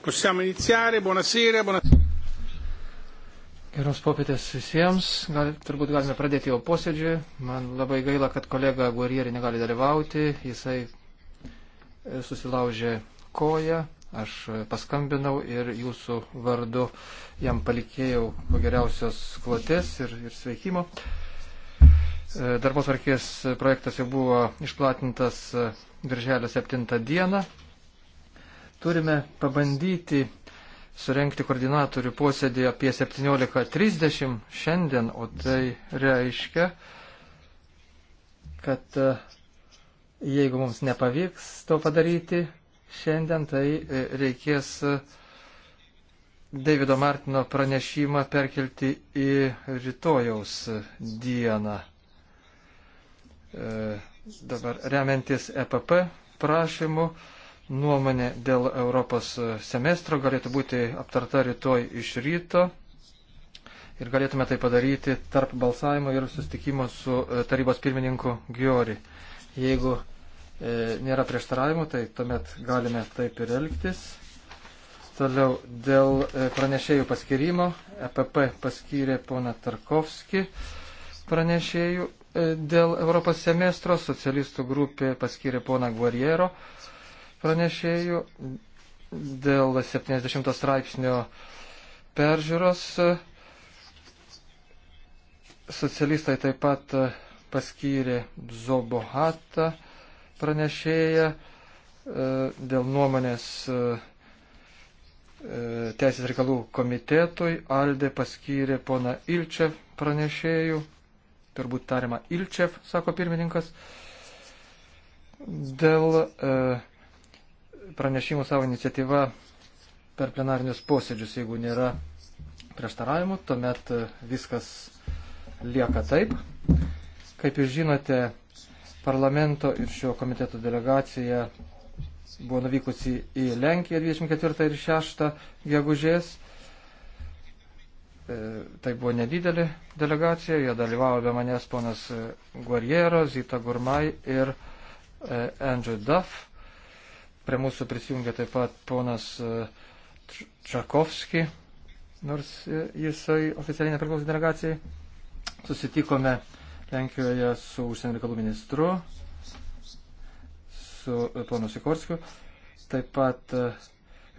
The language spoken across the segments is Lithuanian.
Possiamo iniziare, buonasera, buonasera. Geros popietės visiems, Gal, turbūt galime pradėti jau posėdžiui. Man labai gaila, kad kolega Guerrieri negali dalyvauti, jisai e, susilaužė koją, aš e, paskambinau ir jūsų vardu jam palikėjau geriausios kloties ir, ir sveikimo. E, Darbos varkės projektas jau buvo išplatintas birželio 7 dieną turime pabandyti surenkti koordinatorių posėdį apie 17.30 šiandien, o tai reiškia, kad e, jeigu mums nepavyks to padaryti šiandien, tai e, reikės e, Davido Martino pranešimą perkelti į rytojaus dieną. E, dabar remiantis EPP prašymu, e, nuomonė dėl Europos semestro galėtų būti aptarta rytoj iš ryto. Ir galėtume tai padaryti tarp balsavimo ir sustikimo su e, tarybos pirmininku Giori. Jeigu e, nėra prieštaravimų, tai tuomet galime taip ir elgtis. Toliau dėl e, pranešėjų paskirimo. EPP paskyrė poną Tarkovskį pranešėjų e, dėl Europos semestro. Socialistų grupė paskyrė poną Guerriero pranešėjų dėl 70 straipsnio peržiūros. Socialistai taip pat paskyrė Zobohatą pranešėją e, dėl nuomonės e, e, Teisės reikalų komitetui. Aldė paskyrė pona Ilčev pranešėjų. Turbūt tariama Ilčev, sako pirmininkas. Dėl uh, pranešimų savo iniciatyvą per plenarinius posėdžius. Jeigu nėra prieštaravimų, tuomet e, viskas lieka taip. Kaip jūs žinote, parlamento ir šio komiteto delegacija buvo nuvykusi į Lenkiją 24 ir 6 gegužės. E, tai buvo nedidelė delegacija, joje dalyvavo be manęs ponas Guerriero, Zita Gurmai ir e, Andrew Duff. Prie mūsų prisijungia taip pat ponas Čakovski, e, nors e, jisai oficialiai nepriklauso delegacijai. Susitikome Lenkijoje su užsienio reikalų ministru, su e, ponu Sikorskiu, taip pat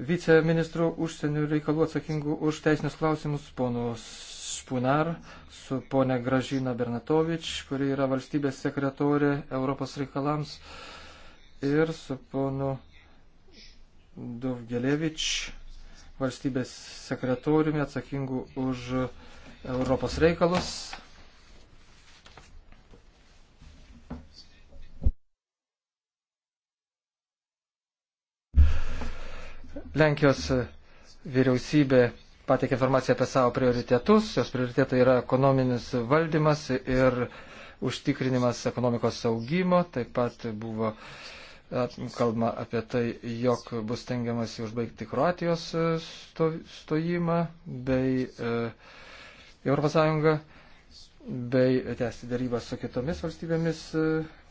viceministru užsienio reikalų atsakingu už teisinius klausimus, ponu Špunar, su ponia Gražina Bernatovič, kuri yra valstybės sekretorė Europos reikalams, ir su ponu Dovgelevič, valstybės sekretoriumi atsakingu už Europos reikalus. Lenkijos vyriausybė pateikė informaciją apie savo prioritetus. Jos prioritetai yra ekonominis valdymas ir užtikrinimas ekonomikos saugimo. Taip pat buvo uh, kalbama apie tai, jog bus tengiamas užbaigti Kroatijos e, stojimą bei ES bei tęsti darybas su kitomis valstybėmis e,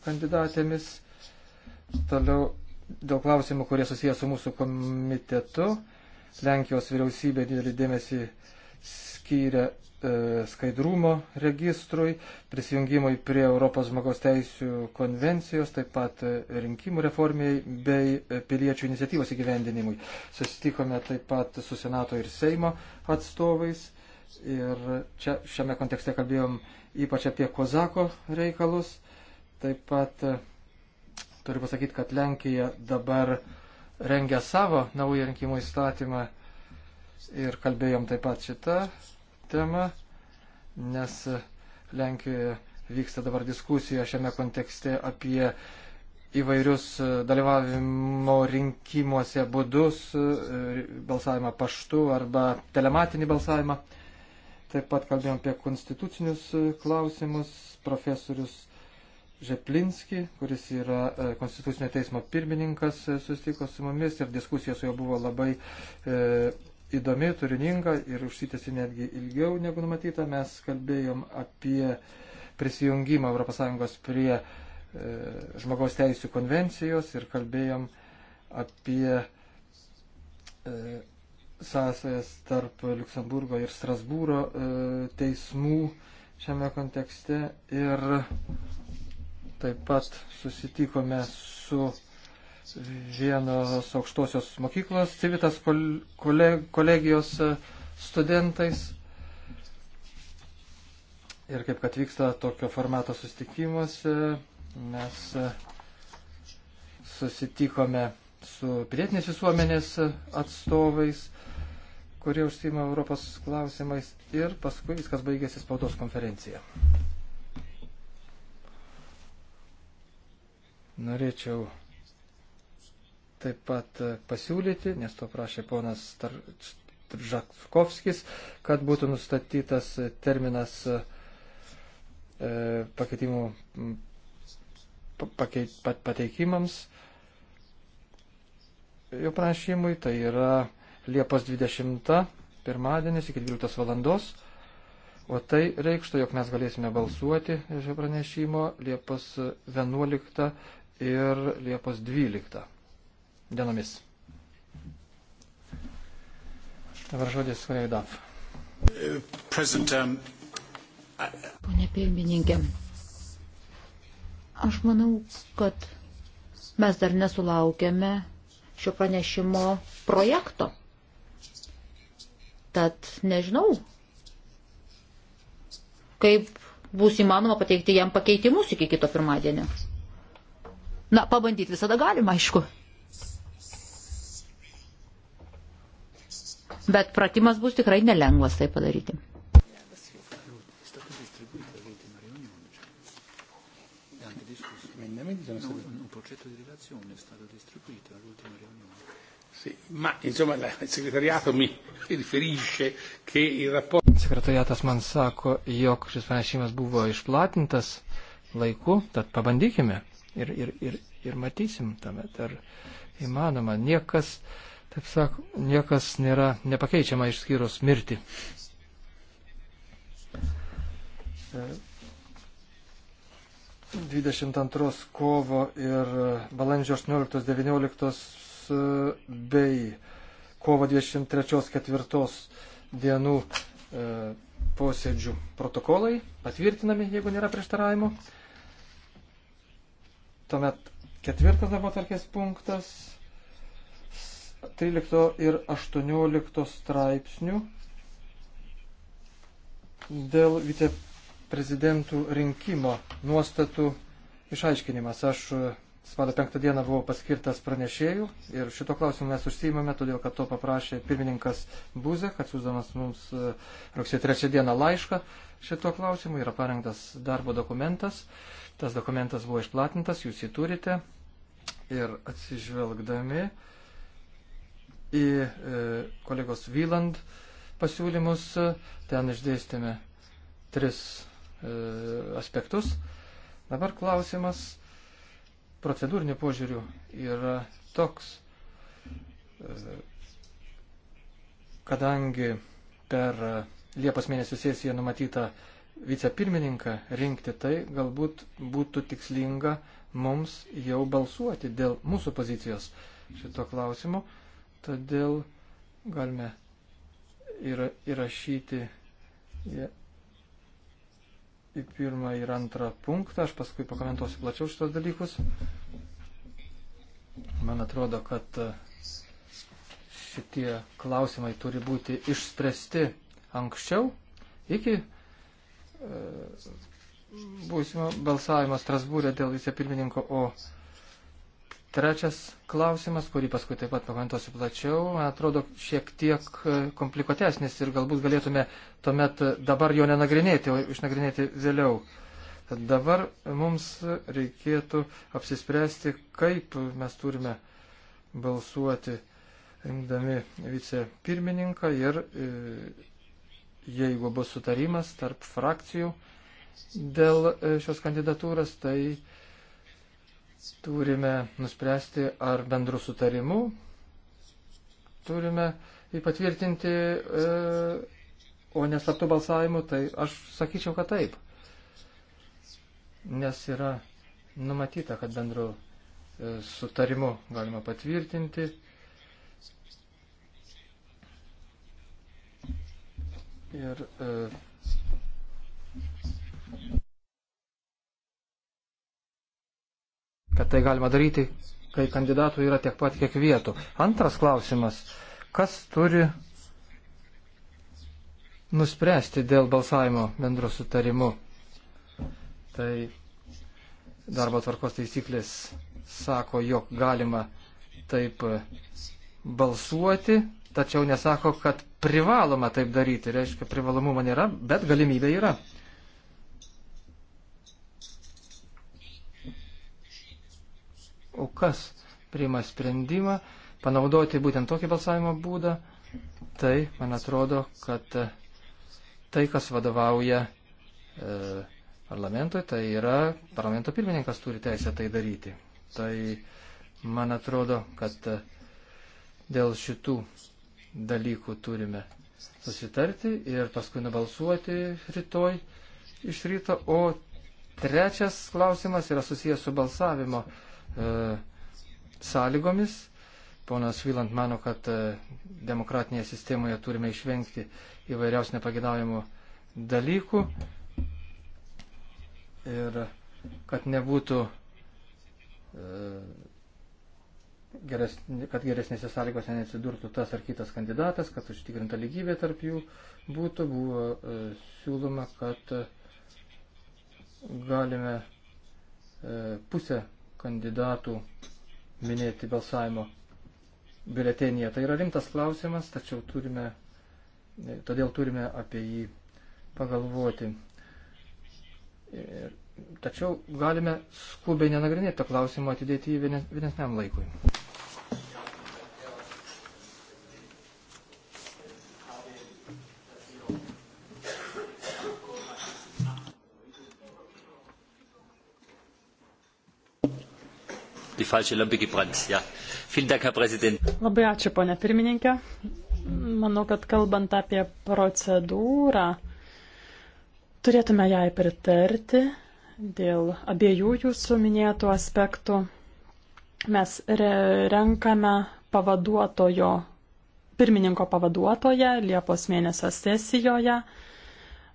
kandidatėmis. Toliau dėl klausimų, kurie susijęs su mūsų komitetu, Lenkijos vyriausybė didelį dėmesį skyrė E, skaidrumo registrui, prisijungimui prie Europos žmogaus teisų konvencijos, taip pat e, rinkimų reformijai bei e, piliečių iniciatyvos įgyvendinimui. Susitikome taip pat su Senato ir Seimo atstovais ir čia, šiame kontekste kalbėjom ypač apie Kozako reikalus. Taip pat turiu pasakyti, kad Lenkija dabar rengia savo naują rinkimų įstatymą ir kalbėjom taip pat šitą temą nes Lenkijoje vyksta dabar diskusija šiame kontekste apie įvairius dalyvavimo rinkimuose būdus, balsavimą paštu arba telematinį balsavimą. Taip pat kalbėjom apie konstitucinius klausimus. Profesorius Žeplinski, kuris yra e, Konstitucinio teismo pirmininkas, e, susitiko su mumis ir diskusija su juo buvo labai e, įdomi, turininga ir užsitęsi netgi ilgiau negu numatyta. Mes kalbėjom apie prisijungimą ES prie e, žmogaus teisų konvencijos ir kalbėjom apie e, sąsajas tarp Luksemburgo ir Strasbūro e, teismų šiame kontekste ir taip pat susitikome su vienos aukštosios mokyklos civitas kolegijos e, studentais. Ir kaip kad vyksta tokio formato susitikimuose, mes e, susitikome su pilietinės visuomenės atstovais, kurie užsima Europos klausimais ir paskui viskas baigėsi spaudos konferencija. Norėčiau taip pat e, pasiūlyti, nes to prašė ponas Žakovskis, kad būtų nustatytas e, terminas e, pakeitimų pakeit, pateikimams jo prašymui, tai yra Liepos 20, pirmadienis iki 12 valandos, o tai reikštų, jog mes galėsime balsuoti šio pranešimo Liepos 11 ir Liepos 12 dienomis. Dabar žodis kolegai DAF. Um, Pone pirmininkė, aš manau, kad mes dar nesulaukėme šio pranešimo projekto. Tad nežinau, kaip bus įmanoma pateikti jam pakeitimus iki kito pirmadienio. Na, pabandyti visada galima, aišku. bet pratimas bus tikrai nelengvas tai padaryti. Sekretariatas man sako, jog šis pranešimas buvo išplatintas laiku, tad pabandykime ir, ir, ir, ir matysim tuomet, ar įmanoma. Niekas uh, Taip sako, niekas nėra nepakeičiama išskyrus mirti. E. 22 kovo ir balandžio 18-19 bei kovo 23-4 dienų e, posėdžių protokolai patvirtinami, jeigu nėra prieštaravimų. Tuomet ketvirtas darbo tarkės punktas 13 ir 18 straipsnių dėl viceprezidentų rinkimo nuostatų išaiškinimas. Aš e, spalio 5 dieną buvau paskirtas pranešėjų ir šito klausimu mes užsiimame, todėl kad to paprašė pirmininkas Buzė, kad siūsdamas mums e, rugsėjo 3 dieną laišką šito klausimu yra parengtas darbo dokumentas. Tas dokumentas buvo išplatintas, jūs jį turite ir atsižvelgdami į e, kolegos Vyland pasiūlymus. Ten išdėstėme tris e, aspektus. Dabar klausimas procedūrinių požiūrių yra toks, e, kadangi per Liepos mėnesio sesiją numatyta vicepirmininką rinkti, tai galbūt būtų tikslinga mums jau balsuoti dėl mūsų pozicijos šito klausimu. Todėl galime yra, įrašyti į pirmą ir antrą punktą. Aš paskui pakomentuosiu plačiau šitos dalykus. Man atrodo, kad e, šitie klausimai turi būti išspręsti anksčiau, iki e, būsimo balsavimo Strasbūrė dėl vicepirmininko, o Trečias klausimas, kurį paskui taip pat pakomentuosiu plačiau, atrodo šiek tiek e, komplikuotesnis ir galbūt galėtume tuomet dabar jo nenagrinėti, o išnagrinėti vėliau. Tad dabar mums reikėtų apsispręsti, kaip mes turime balsuoti, rinkdami vicepirmininką ir e, jeigu bus sutarimas tarp frakcijų dėl e, šios kandidatūros, tai turime nuspręsti, ar bendrų sutarimų turime įpatvirtinti, e, o neslaptų balsavimų, tai aš sakyčiau, kad taip. Nes yra numatyta, kad bendrų e, sutarimu galima patvirtinti. Ir e, kad tai galima daryti, kai kandidatų yra tiek pat, kiek vietų. Antras klausimas. Kas turi nuspręsti dėl balsavimo bendro sutarimu? Tai darbo tvarkos taisyklės sako, jog galima taip balsuoti, tačiau nesako, kad privaloma taip daryti. Reiškia, privalomumo nėra, bet galimybė yra. o kas priima sprendimą panaudoti būtent tokį balsavimo būdą, tai man atrodo, kad e, tai, kas vadovauja e, parlamentui, tai yra parlamento pirmininkas turi teisę tai daryti. Tai man atrodo, kad e, dėl šitų dalykų turime susitarti ir paskui nubalsuoti rytoj iš ryto. O trečias klausimas yra susijęs su balsavimo E, sąlygomis. Ponas Vilant mano, kad e, demokratinėje sistemoje turime išvengti įvairiausių nepagėdaujamų dalykų ir kad nebūtų e, geres, kad geresnėse sąlygose neatsidurtų tas ar kitas kandidatas, kad užtikrinta lygybė tarp jų būtų, buvo e, siūloma, kad e, galime e, pusę kandidatų minėti balsavimo biuletenyje. Tai yra rimtas klausimas, tačiau turime, todėl turime apie jį pagalvoti. Ir, tačiau galime skubiai nenagrinėti tą klausimą, atidėti jį vienesniam laikui. falsche Lampe gebrannt. Ja. Vielen Dank, Herr Präsident. Labai ačiū, ponė pirmininkė. Manau, kad kalbant apie procedūrą, turėtume jai pritarti dėl abiejų jūsų minėtų aspektų. Mes re renkame pavaduotojo, pirmininko pavaduotoje Liepos mėnesio sesijoje.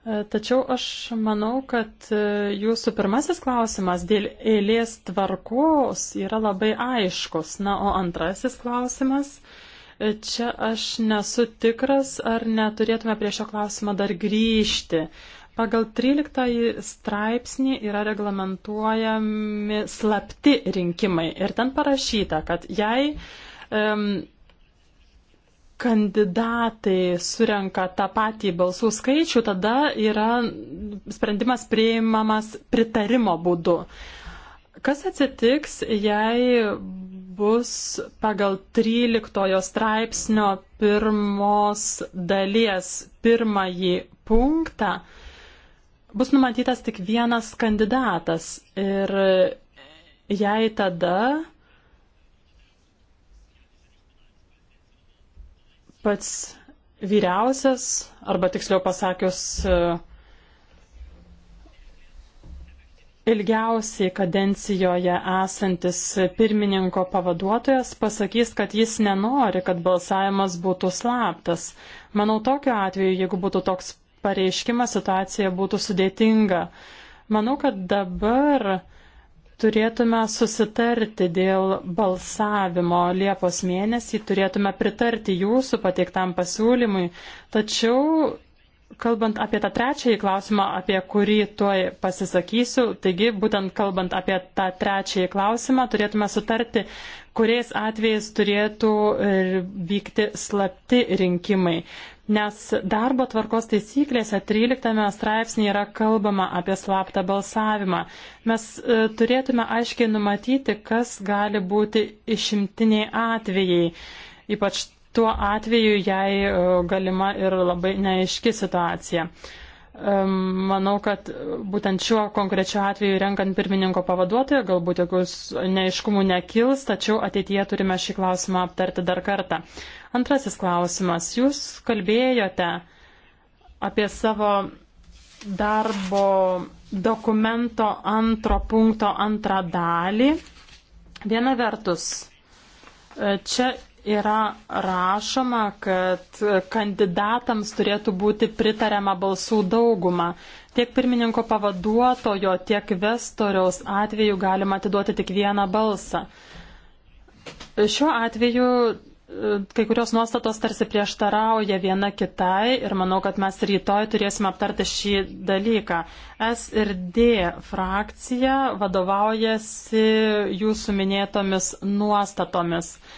E, tačiau aš manau, kad e, jūsų pirmasis klausimas dėl eilės tvarkos yra labai aiškus. Na, o antrasis klausimas, e, čia aš nesu tikras, ar neturėtume prie šio klausimo dar grįžti. Pagal 13 straipsnį yra reglamentuojami slapti rinkimai ir ten parašyta, kad jei um, kandidatai surenka tą patį balsų skaičių, tada yra sprendimas priimamas pritarimo būdu. Kas atsitiks, jei bus pagal 13 straipsnio pirmos dalies pirmąjį punktą, bus numatytas tik vienas kandidatas ir jei tada pats vyriausias, arba tiksliau pasakius, e, ilgiausiai kadencijoje esantis pirmininko pavaduotojas pasakys, kad jis nenori, kad balsavimas būtų slaptas. Manau, tokiu atveju, jeigu būtų toks pareiškimas, situacija būtų sudėtinga. Manau, kad dabar turėtume susitarti dėl balsavimo Liepos mėnesį, turėtume pritarti jūsų pateiktam pasiūlymui. Tačiau, kalbant apie tą trečiąjį klausimą, apie kurį tuoj pasisakysiu, taigi būtent kalbant apie tą trečiąjį klausimą, turėtume sutarti, kuriais atvejais turėtų e, vykti slapti rinkimai nes darbo tvarkos taisyklėse 13 straipsnėje yra kalbama apie slaptą balsavimą. Mes e, turėtume aiškiai numatyti, kas gali būti išimtiniai atvejai, ypač tuo atveju, jei e, galima ir labai neaiški situacija. E, Manau, kad būtent šiuo konkrečiu atveju renkant pirmininko pavaduotoją galbūt jokius neiškumų nekils, tačiau ateityje turime šį klausimą aptarti dar kartą. Antrasis klausimas. Jūs kalbėjote apie savo darbo dokumento antro punkto antrą dalį. Viena vertus, e, čia yra rašoma, kad kandidatams turėtų būti pritariama balsų dauguma. Tiek pirmininko pavaduotojo, tiek vestoriaus atveju galima atiduoti tik vieną balsą. Šiuo atveju e, kai kurios nuostatos tarsi prieštarauja viena kitai ir manau, kad mes rytoj turėsime aptarti šį dalyką. S ir D frakcija vadovaujasi jūsų minėtomis nuostatomis. Uh,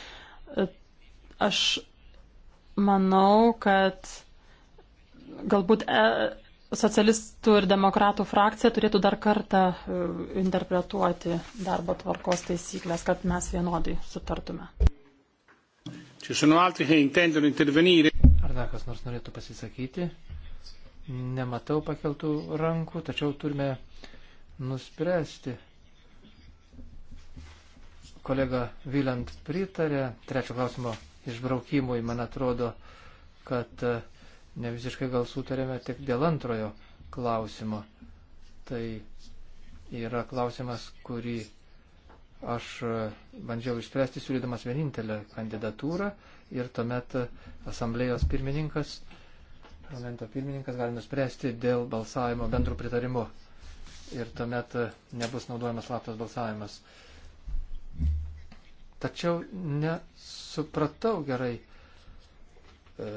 Aš manau, kad galbūt e, socialistų ir demokratų frakcija turėtų dar kartą e, interpretuoti darbo tvarkos taisyklės, kad mes vienodai sutartume. Ar dar kas nors norėtų pasisakyti? Nematau pakeltų rankų, tačiau turime nuspręsti, kolega Vilant pritarė trečio klausimo išbraukimui, man atrodo, kad e, ne visiškai gal sutarėme tik dėl antrojo klausimo. Tai yra klausimas, kurį aš e, bandžiau išspręsti siūlydamas vienintelę kandidatūrą ir tuomet e, asamblėjos pirmininkas, momento pirmininkas gali nuspręsti dėl balsavimo bendrų pritarimu ir tuomet nebus naudojamas slaptas balsavimas. Uh, tačiau nesupratau gerai e,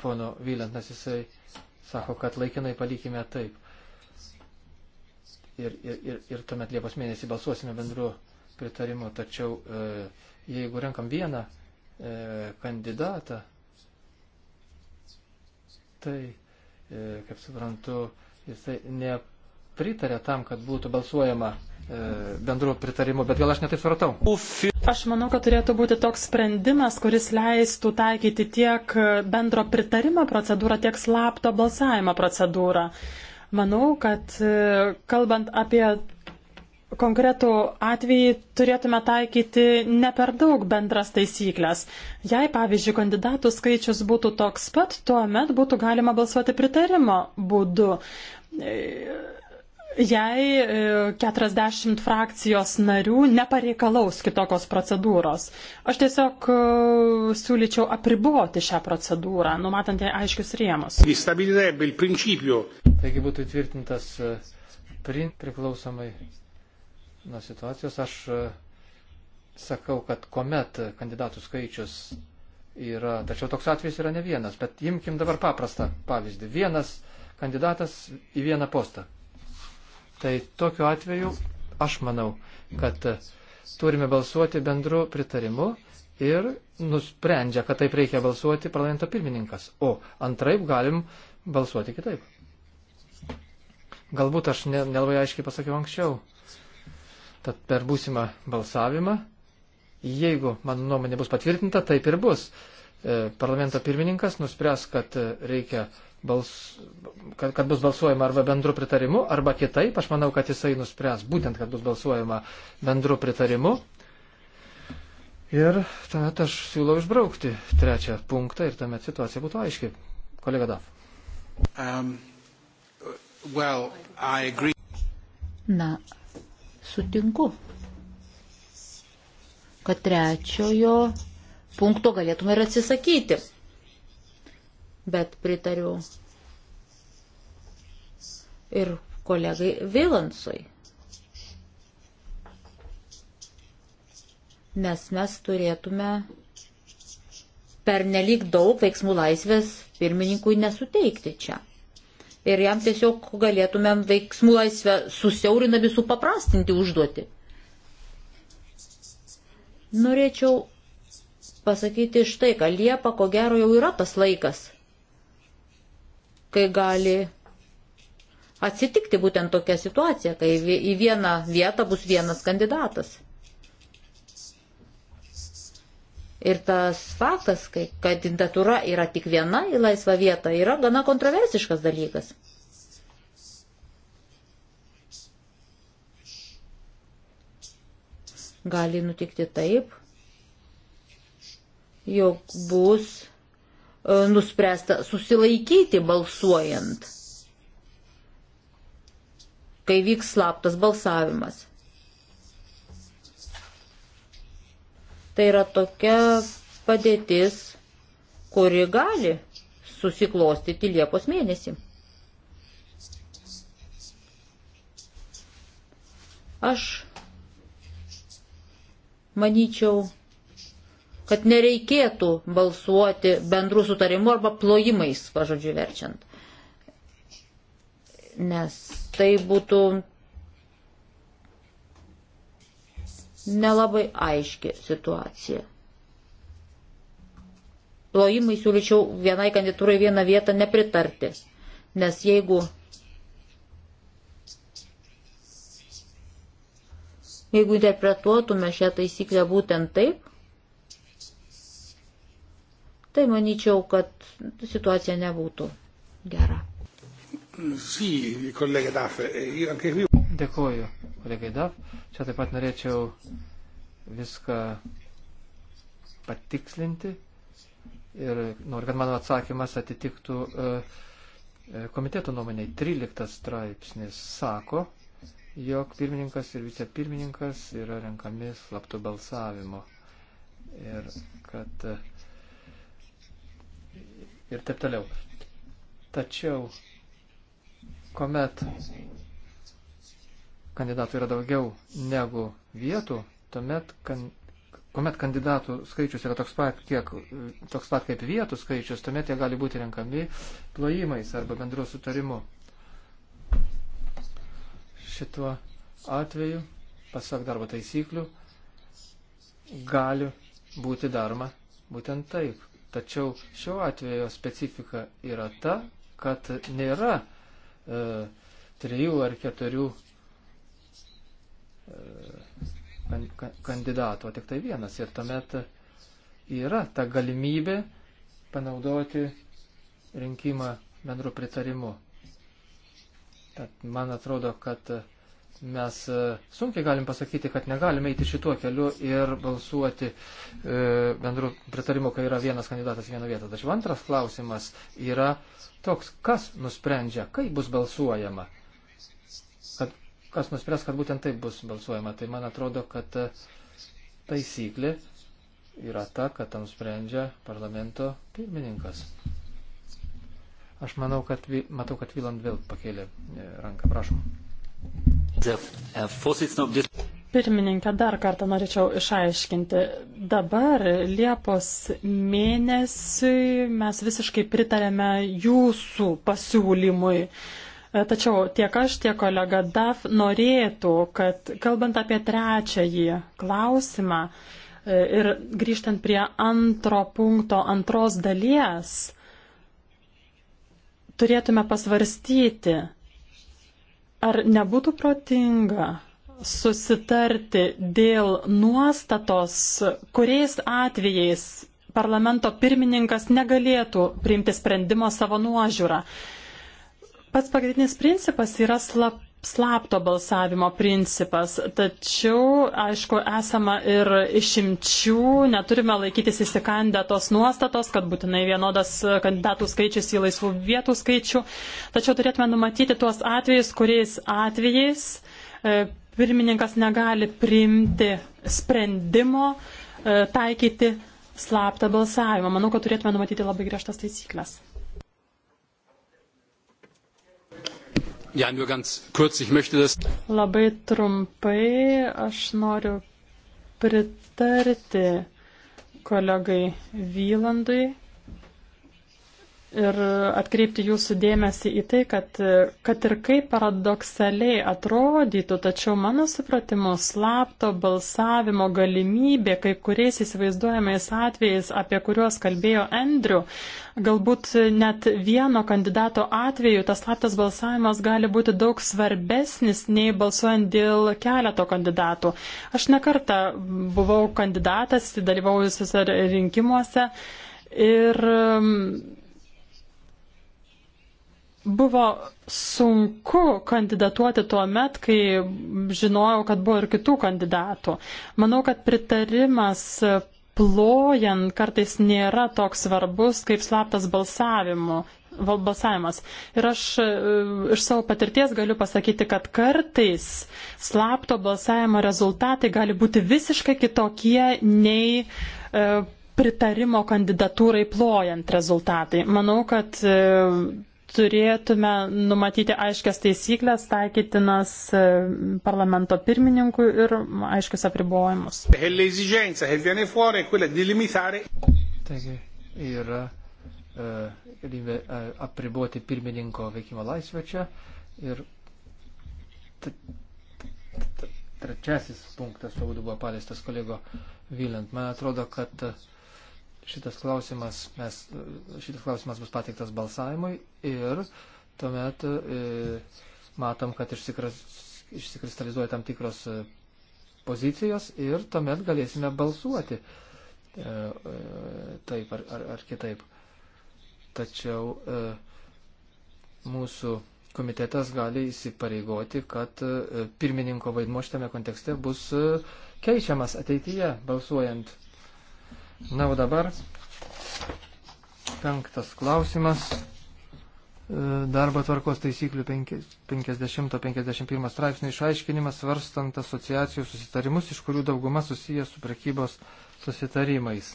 pono Vylant, nes jisai sako, kad laikinai palikime taip. Ir, ir, ir, ir tuomet Liepos mėnesį balsuosime bendru pritarimu, tačiau e, jeigu renkam vieną e, kandidatą, tai, e, kaip suprantu, jisai nepritarė tam, kad būtų balsuojama e, bendru pritarimu, bet gal aš netaip supratau. Aš manau, kad turėtų būti toks sprendimas, kuris leistų taikyti tiek bendro pritarimo procedūrą, tiek slapto balsavimo procedūrą. Manau, kad e, kalbant apie konkretų atvejį turėtume taikyti ne per daug bendras taisyklės. Jei, pavyzdžiui, kandidatų skaičius būtų toks pat, tuomet būtų galima balsuoti pritarimo būdu. E, jei 40 e, frakcijos narių nepareikalaus kitokios procedūros. Aš tiesiog e, siūlyčiau apriboti šią procedūrą, numatant jai aiškius rėmus. Taigi būtų įtvirtintas e, priklausomai nuo situacijos. Aš sakau, kad kuomet kandidatų skaičius yra, tačiau toks atvejis yra ne vienas, bet imkim dabar paprastą pavyzdį. Vienas kandidatas į vieną postą Tai tokiu atveju aš manau, kad turime balsuoti bendru pritarimu ir nusprendžia, kad taip reikia balsuoti parlamento pirmininkas, o antraip galim balsuoti kitaip. Galbūt aš nelabai aiškiai pasakiau anksčiau. Tad per būsimą balsavimą, jeigu mano nuomonė bus patvirtinta, taip ir bus. E, parlamento pirmininkas nuspręs, kad e, reikia bals, kad, kad bus balsuojama arba bendru pritarimu, arba kitaip. Aš manau, kad jisai nuspręs būtent, kad bus balsuojama bendru pritarimu. Ir tuomet aš siūlau išbraukti trečią punktą ir tuomet situacija būtų aiški. Kolega Daf. Um, well, Na, sutinku, kad trečiojo punkto galėtume ir atsisakyti bet pritariu ir kolegai Vilansui. Nes mes turėtume per nelik daug veiksmų laisvės pirmininkui nesuteikti čia. Ir jam tiesiog galėtumėm veiksmų laisvę susiaurinami supaprastinti užduoti. Norėčiau pasakyti štai, kad Liepa ko gero jau yra tas laikas – kai gali atsitikti būtent tokia situacija, kai į vieną vietą bus vienas kandidatas. Ir tas faktas, kai kandidatūra yra tik viena į laisvą vietą, yra gana kontroversiškas dalykas. Gali nutikti taip, jog bus E, nuspręsta susilaikyti balsuojant, kai vyks slaptas balsavimas. Tai yra tokia padėtis, kuri gali susiklostyti Liepos mėnesį. Aš manyčiau, kad nereikėtų balsuoti bendrų sutarimų arba plojimais, pažodžiu verčiant. Nes tai būtų nelabai aiški situacija. Plojimai siūlyčiau vienai kandidatūrai vieną vietą nepritarti, nes jeigu Jeigu interpretuotume šią taisyklę būtent taip, tai manyčiau, kad situacija nebūtų gera. E Dėkuoju, kolegai Daf. Čia taip pat norėčiau viską patikslinti ir noriu, kad mano atsakymas atitiktų e, e, komiteto nuomonėje. 13 straipsnis sako, jog pirmininkas ir vicepirmininkas yra renkami slaptų balsavimo ir kad uh, ir taip toliau. Tačiau, kuomet kandidatų yra daugiau negu vietų, tuomet, kan, kuomet kandidatų skaičius yra toks pat, kiek, toks pat kaip vietų skaičius, tuomet jie gali būti renkami plojimais arba bendru sutarimu. Šituo atveju, pasak darbo taisyklių, gali būti daroma būtent taip. Tačiau šiuo atveju specifika yra ta, kad nėra e, trijų ar keturių e, kandidatų, o tik tai vienas. Ir tuomet yra ta galimybė panaudoti rinkimą bendru pritarimu. Tad man atrodo, kad Mes e, sunkiai galim pasakyti, kad negalime eiti šituo keliu ir balsuoti e, bendru pritarimu, kai yra vienas kandidatas viena vieta. Tačiau antras klausimas yra toks, kas nusprendžia, kaip bus balsuojama. Kad, kas nuspręs, kad būtent taip bus balsuojama. Tai man atrodo, kad e, taisyklė yra ta, kad tam sprendžia parlamento pirmininkas. Aš manau, kad, matau, kad Vyland vėl pakėlė e, ranką. Prašom. Pirmininkė, dar kartą norėčiau išaiškinti. Dabar Liepos mėnesiui mes visiškai pritarėme jūsų pasiūlymui. E, tačiau tiek aš, tiek kolega DAF norėtų, kad kalbant apie trečiąjį klausimą e, ir grįžtant prie antro punkto antros dalies, turėtume pasvarstyti, Ar nebūtų protinga susitarti dėl nuostatos, kuriais atvejais parlamento pirmininkas negalėtų priimti sprendimo savo nuožiūrą? Pats pagrindinis principas yra slap slapto balsavimo principas, tačiau, aišku, esama ir išimčių, neturime laikytis įsikandę tos nuostatos, kad būtinai vienodas kandidatų skaičius į laisvų vietų skaičių, tačiau turėtume numatyti tuos atvejus, kuriais atvejais e, pirmininkas negali priimti sprendimo e, taikyti slaptą balsavimą. Manau, kad turėtume numatyti labai griežtas taisyklės. Ja, nur ganz kurz, ich möchte das. Labai trumpai aš noriu pritarti kolegai Vylandui, ir atkreipti jūsų dėmesį į tai, kad, kad ir kaip paradoksaliai atrodytų, tačiau mano supratimu slapto balsavimo galimybė kai kuriais įsivaizduojamais atvejais, apie kuriuos kalbėjo Andrew, galbūt net vieno kandidato atveju tas slaptas balsavimas gali būti daug svarbesnis nei balsuojant dėl keleto kandidatų. Aš nekartą buvau kandidatas, dalyvauju visose rinkimuose ir buvo sunku kandidatuoti tuo met, kai žinojau, kad buvo ir kitų kandidatų. Manau, kad pritarimas plojant kartais nėra toks svarbus kaip slaptas balsavimo. Balsavimas. Ir aš e, iš savo patirties galiu pasakyti, kad kartais slapto balsavimo rezultatai gali būti visiškai kitokie nei e, pritarimo kandidatūrai plojant rezultatai. Manau, kad e, turėtume numatyti aiškias taisyklės, taikytinas e, parlamento pirmininkui ir aiškius apribojimus. Eh, Taigi yra e, e, apriboti pirmininko veikimo laisvę čia ir trečiasis punktas, turbūt buvo paliestas kolego Vylant. Man atrodo, kad e, Šitas klausimas, mes, šitas klausimas bus pateiktas balsavimui ir tuomet e, matom, kad išsikras, išsikristalizuoja tam tikros e, pozicijos ir tuomet galėsime balsuoti e, e, taip ar, ar, ar kitaip. Tačiau e, mūsų komitetas gali įsipareigoti, kad e, pirmininko vaidmo šitame kontekste bus e, keičiamas ateityje balsuojant Na, o dabar penktas klausimas. E, darbo tvarkos taisyklių 50-51 straipsnių išaiškinimas svarstant asociacijų susitarimus, iš kurių dauguma susijęs su prekybos susitarimais.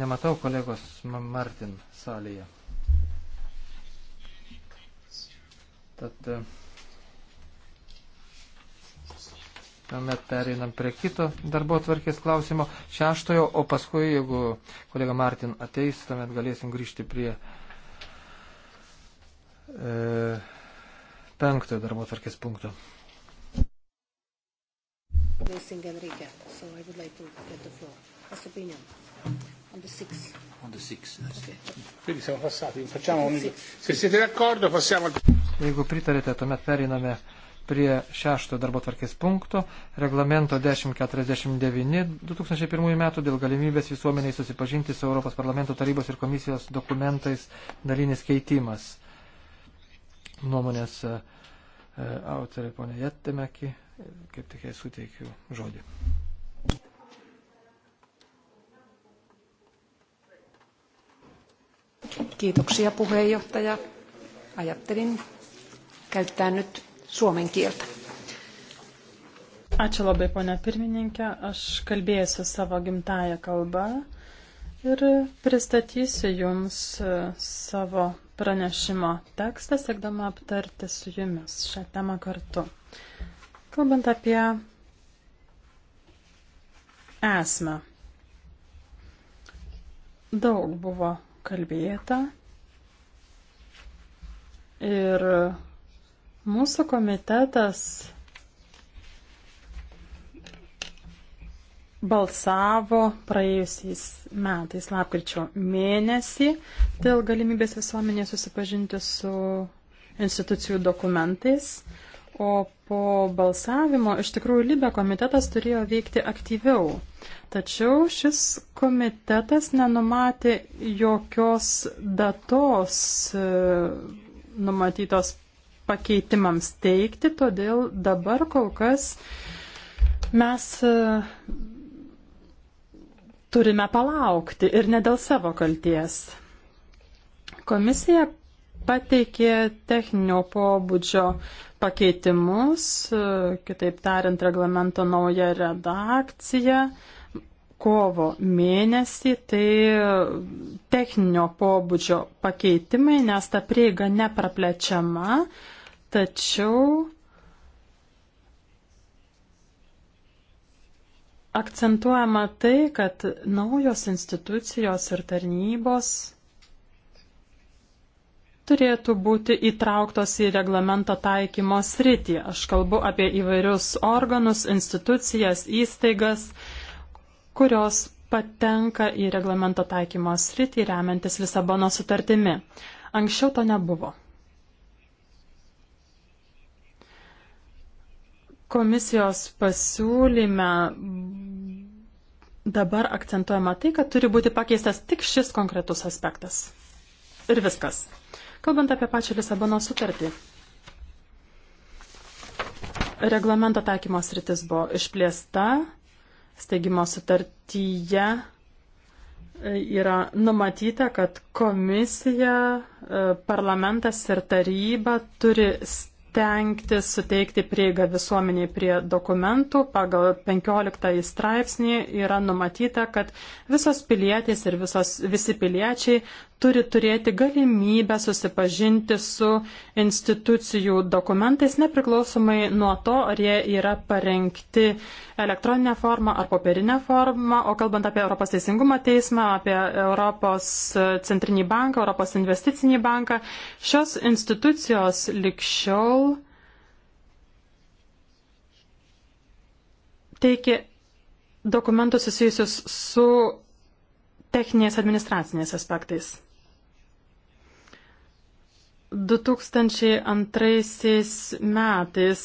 Nematau kolegos Martin salėje. Tad e, Tuomet pereinam prie kito darbo tvarkės klausimo, šeštojo, o paskui, jeigu kolega Martin ateis, tuomet galėsim grįžti prie e, penktojo darbo tvarkės punkto. Jeigu pritarėte, tuomet periname prie šešto darbo tvarkės punkto, reglamento 1049 2001 metų dėl galimybės visuomeniai susipažinti su Europos parlamento tarybos ir komisijos dokumentais dalinis keitimas. Nuomonės e, e, autorė ponė Jettemeki, kaip tik jai suteikiu žodį. Kiitoksia puheenjohtaja. Ajattelin käyttää nyt suomen kieltä. Ačiū labai, ponia pirmininkė. Aš kalbėsiu savo gimtają kalbą ir pristatysiu Jums e, savo pranešimo tekstą, siekdama aptarti su Jumis šią temą kartu. Kalbant apie esmę. Daug buvo kalbėta ir Mūsų komitetas balsavo praėjusiais metais lapkričio mėnesį dėl galimybės visuomenė susipažinti su institucijų dokumentais, o po balsavimo iš tikrųjų Libė komitetas turėjo veikti aktyviau. Tačiau šis komitetas nenumatė jokios datos e, numatytos pakeitimams teikti, todėl dabar kol kas mes e, turime palaukti ir ne dėl savo kalties. Komisija pateikė techninio pobūdžio pakeitimus, e, kitaip tariant, reglamento naują redakciją. Kovo mėnesį tai techninio pobūdžio pakeitimai, nes ta prieiga nepraplečiama, Tačiau akcentuojama tai, kad naujos institucijos ir tarnybos turėtų būti įtrauktos į reglamento taikymo sritį. Aš kalbu apie įvairius organus, institucijas, įstaigas, kurios patenka į reglamento taikymo sritį remiantis Lisabono sutartimi. Anksčiau to nebuvo. Komisijos pasiūlyme dabar akcentuojama tai, kad turi būti pakeistas tik šis konkretus aspektas. Ir viskas. Kalbant apie pačią Lisabono sutartį, reglamento taikymo sritis buvo išplėsta, steigimo sutartyje e, yra numatyta, kad komisija, e, parlamentas ir taryba turi steigti stengtis suteikti prieigą visuomeniai prie dokumentų. Pagal 15 straipsnį yra numatyta, kad visos pilietės ir visos, visi piliečiai turi turėti galimybę susipažinti su institucijų dokumentais, nepriklausomai nuo to, ar jie yra parengti elektroninę formą ar popierinę formą. O kalbant apie Europos Teisingumo teismą, apie Europos Centrinį banką, Europos Investicinį banką, šios institucijos likščiau teikia dokumentus susijusius su techniniais administraciniais aspektais. 2002 metais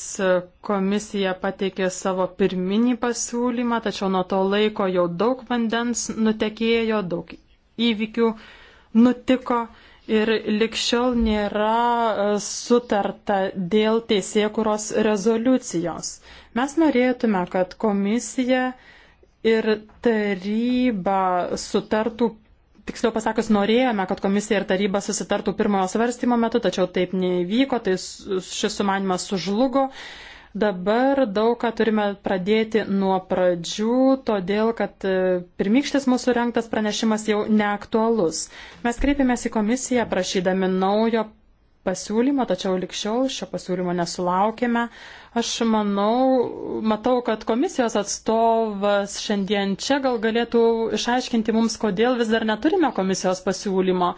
komisija pateikė savo pirminį pasiūlymą, tačiau nuo to laiko jau daug vandens nutekėjo, daug įvykių nutiko ir likščiol nėra e, sutarta dėl teisėkuros rezoliucijos. Mes norėtume, kad komisija ir taryba sutartų tiksliau pasakius, norėjome, kad komisija ir taryba susitartų pirmojo svarstymo metu, tačiau taip neįvyko, tai šis sumanimas sužlugo. Dabar daug ką turime pradėti nuo pradžių, todėl kad e, pirmykštis mūsų renktas pranešimas jau neaktualus. Mes kreipėmės į komisiją prašydami naujo pasiūlymą, tačiau likščiau šio pasiūlymo nesulaukėme. Aš manau, matau, kad komisijos atstovas šiandien čia gal galėtų išaiškinti mums, kodėl vis dar neturime komisijos pasiūlymo.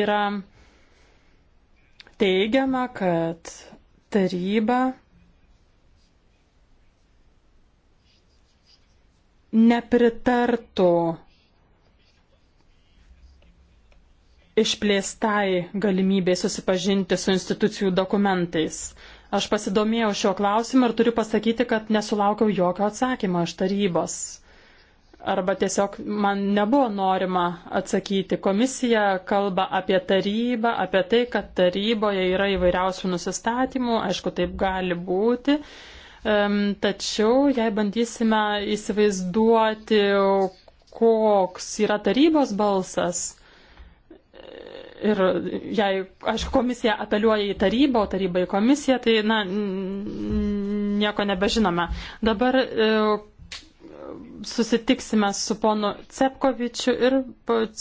Yra teigiama, kad taryba nepritartų išplėstai galimybė susipažinti su institucijų dokumentais. Aš pasidomėjau šio klausimu ir turiu pasakyti, kad nesulaukiau jokio atsakymo iš tarybos. Arba tiesiog man nebuvo norima atsakyti. Komisija kalba apie tarybą, apie tai, kad taryboje yra įvairiausių nusistatymų, aišku, taip gali būti. Tačiau, jei bandysime įsivaizduoti, koks yra tarybos balsas, ir jei, aišku, komisija apeliuoja į tarybą, o taryba į komisiją, tai, na, nieko nebežinome. Dabar e, susitiksime su ponu Cepkovičiu ir,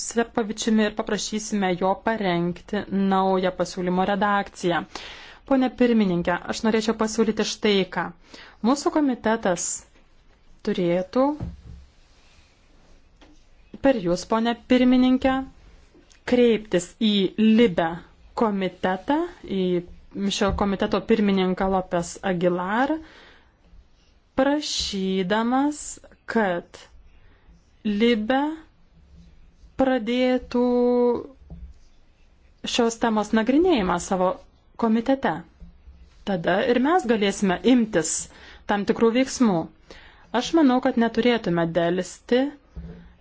Cepkovičiumi ir paprašysime jo parengti naują pasiūlymo redakciją. Pone pirmininkė, aš norėčiau pasiūlyti štai ką. Mūsų komitetas turėtų per jūs, pone pirmininkė, kreiptis į Libę komitetą, į šio komiteto pirmininką Lopes Aguilar, prašydamas, kad Libe pradėtų šios temos nagrinėjimą savo komitete. Tada ir mes galėsime imtis tam tikrų veiksmų. Aš manau, kad neturėtume dėlisti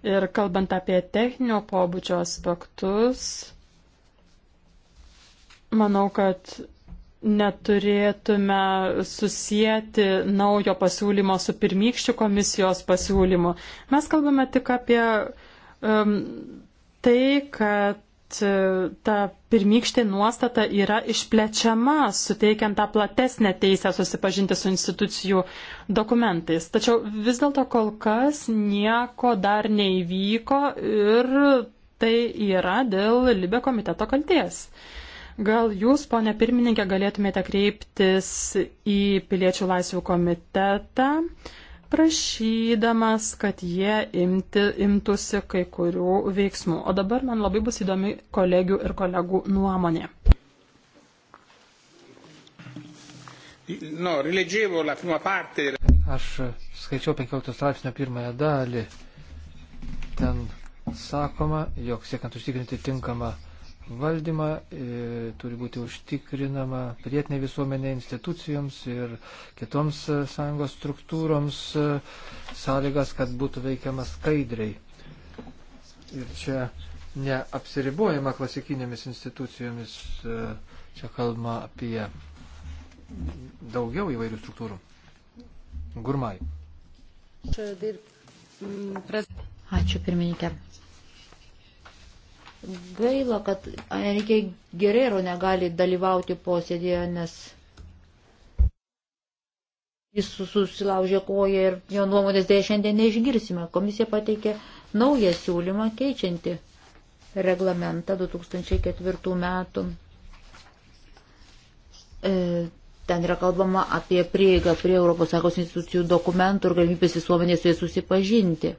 Ir kalbant apie techninio pobūdžio aspektus, manau, kad neturėtume susijęti naujo pasiūlymo su pirmykščiu komisijos pasiūlymu. Mes kalbame tik apie um, tai, kad E, ta pirmykštė nuostata yra išplečiama, suteikiant tą platesnę teisę susipažinti su institucijų dokumentais. Tačiau vis dėlto kol kas nieko dar neįvyko ir tai yra dėl Libė komiteto kalties. Gal jūs, ponė pirmininkė, galėtumėte kreiptis į Piliečių laisvių komitetą prašydamas, kad jie imti, imtųsi kai kurių veiksmų. O dabar man labai bus įdomi kolegių ir kolegų nuomonė. No, rileggevo la prima parte. Aš skaičiau 15 straipsnio pirmąją dalį. Ten sakoma, jog siekiant užtikrinti tinkamą valdymą, e, turi būti užtikrinama pilietinė visuomenė institucijoms ir kitoms e, sąjungos struktūroms e, sąlygas, kad būtų veikiama skaidriai. Ir čia neapsiribojama klasikinėmis institucijomis, čia kalbama apie daugiau įvairių struktūrų. Gurmai. Ačiū pirmininkė. Gaila, kad Enrique Gerero negali dalyvauti posėdėje, nes jis susilaužė koją ir jo nuomonės dėja šiandien neišgirsime. Komisija pateikė naują siūlymą keičianti reglamentą 2004 metų. E, ten yra kalbama apie prieigą prie ES institucijų dokumentų ir galimybės visuomenės su jais susipažinti.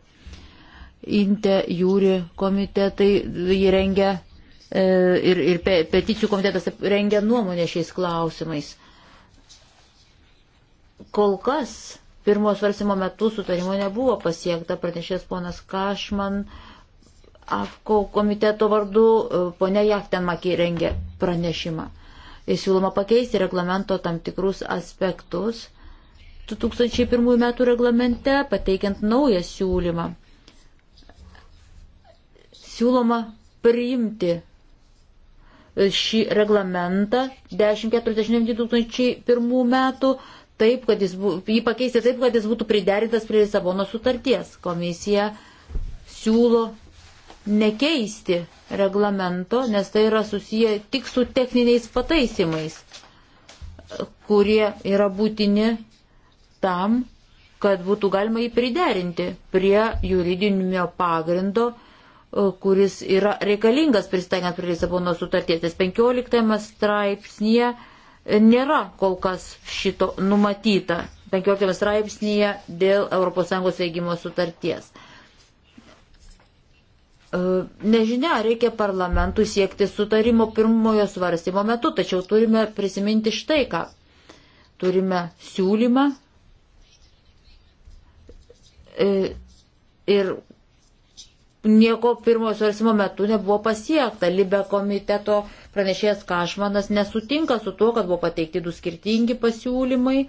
Inte jūri komitetai jį rengia e, ir, ir peticijų komitetas rengia nuomonę šiais klausimais. Kol kas pirmo svarsimo metu sutarimo nebuvo pasiekta, pranešės ponas Kašman, AFKO komiteto vardu, e, ponia Jachtenmakį rengė pranešimą. Įsiūloma pakeisti reglamento tam tikrus aspektus 2001 metų reglamente, pateikiant naują siūlymą siūloma priimti šį reglamentą 1049-2001 metų, taip, kad jis, bu, jį pakeisti taip, kad jis būtų priderintas prie Lisabono sutarties. Komisija siūlo nekeisti reglamento, nes tai yra susiję tik su techniniais pataisimais, kurie yra būtini tam, kad būtų galima jį priderinti prie juridinio pagrindo kuris yra reikalingas pristatant prie Lisabono sutarties, nes 15 straipsnėje e, nėra kol kas šito numatyta. 15 straipsnėje dėl ES veikimo sutarties. E, nežinia, reikia parlamentui siekti sutarimo pirmojo svarstymo metu, tačiau turime prisiminti štai ką. Turime siūlymą e, ir nieko pirmojo svarsimo metu nebuvo pasiekta. Libe komiteto pranešėjas Kašmanas nesutinka su tuo, kad buvo pateikti du skirtingi pasiūlymai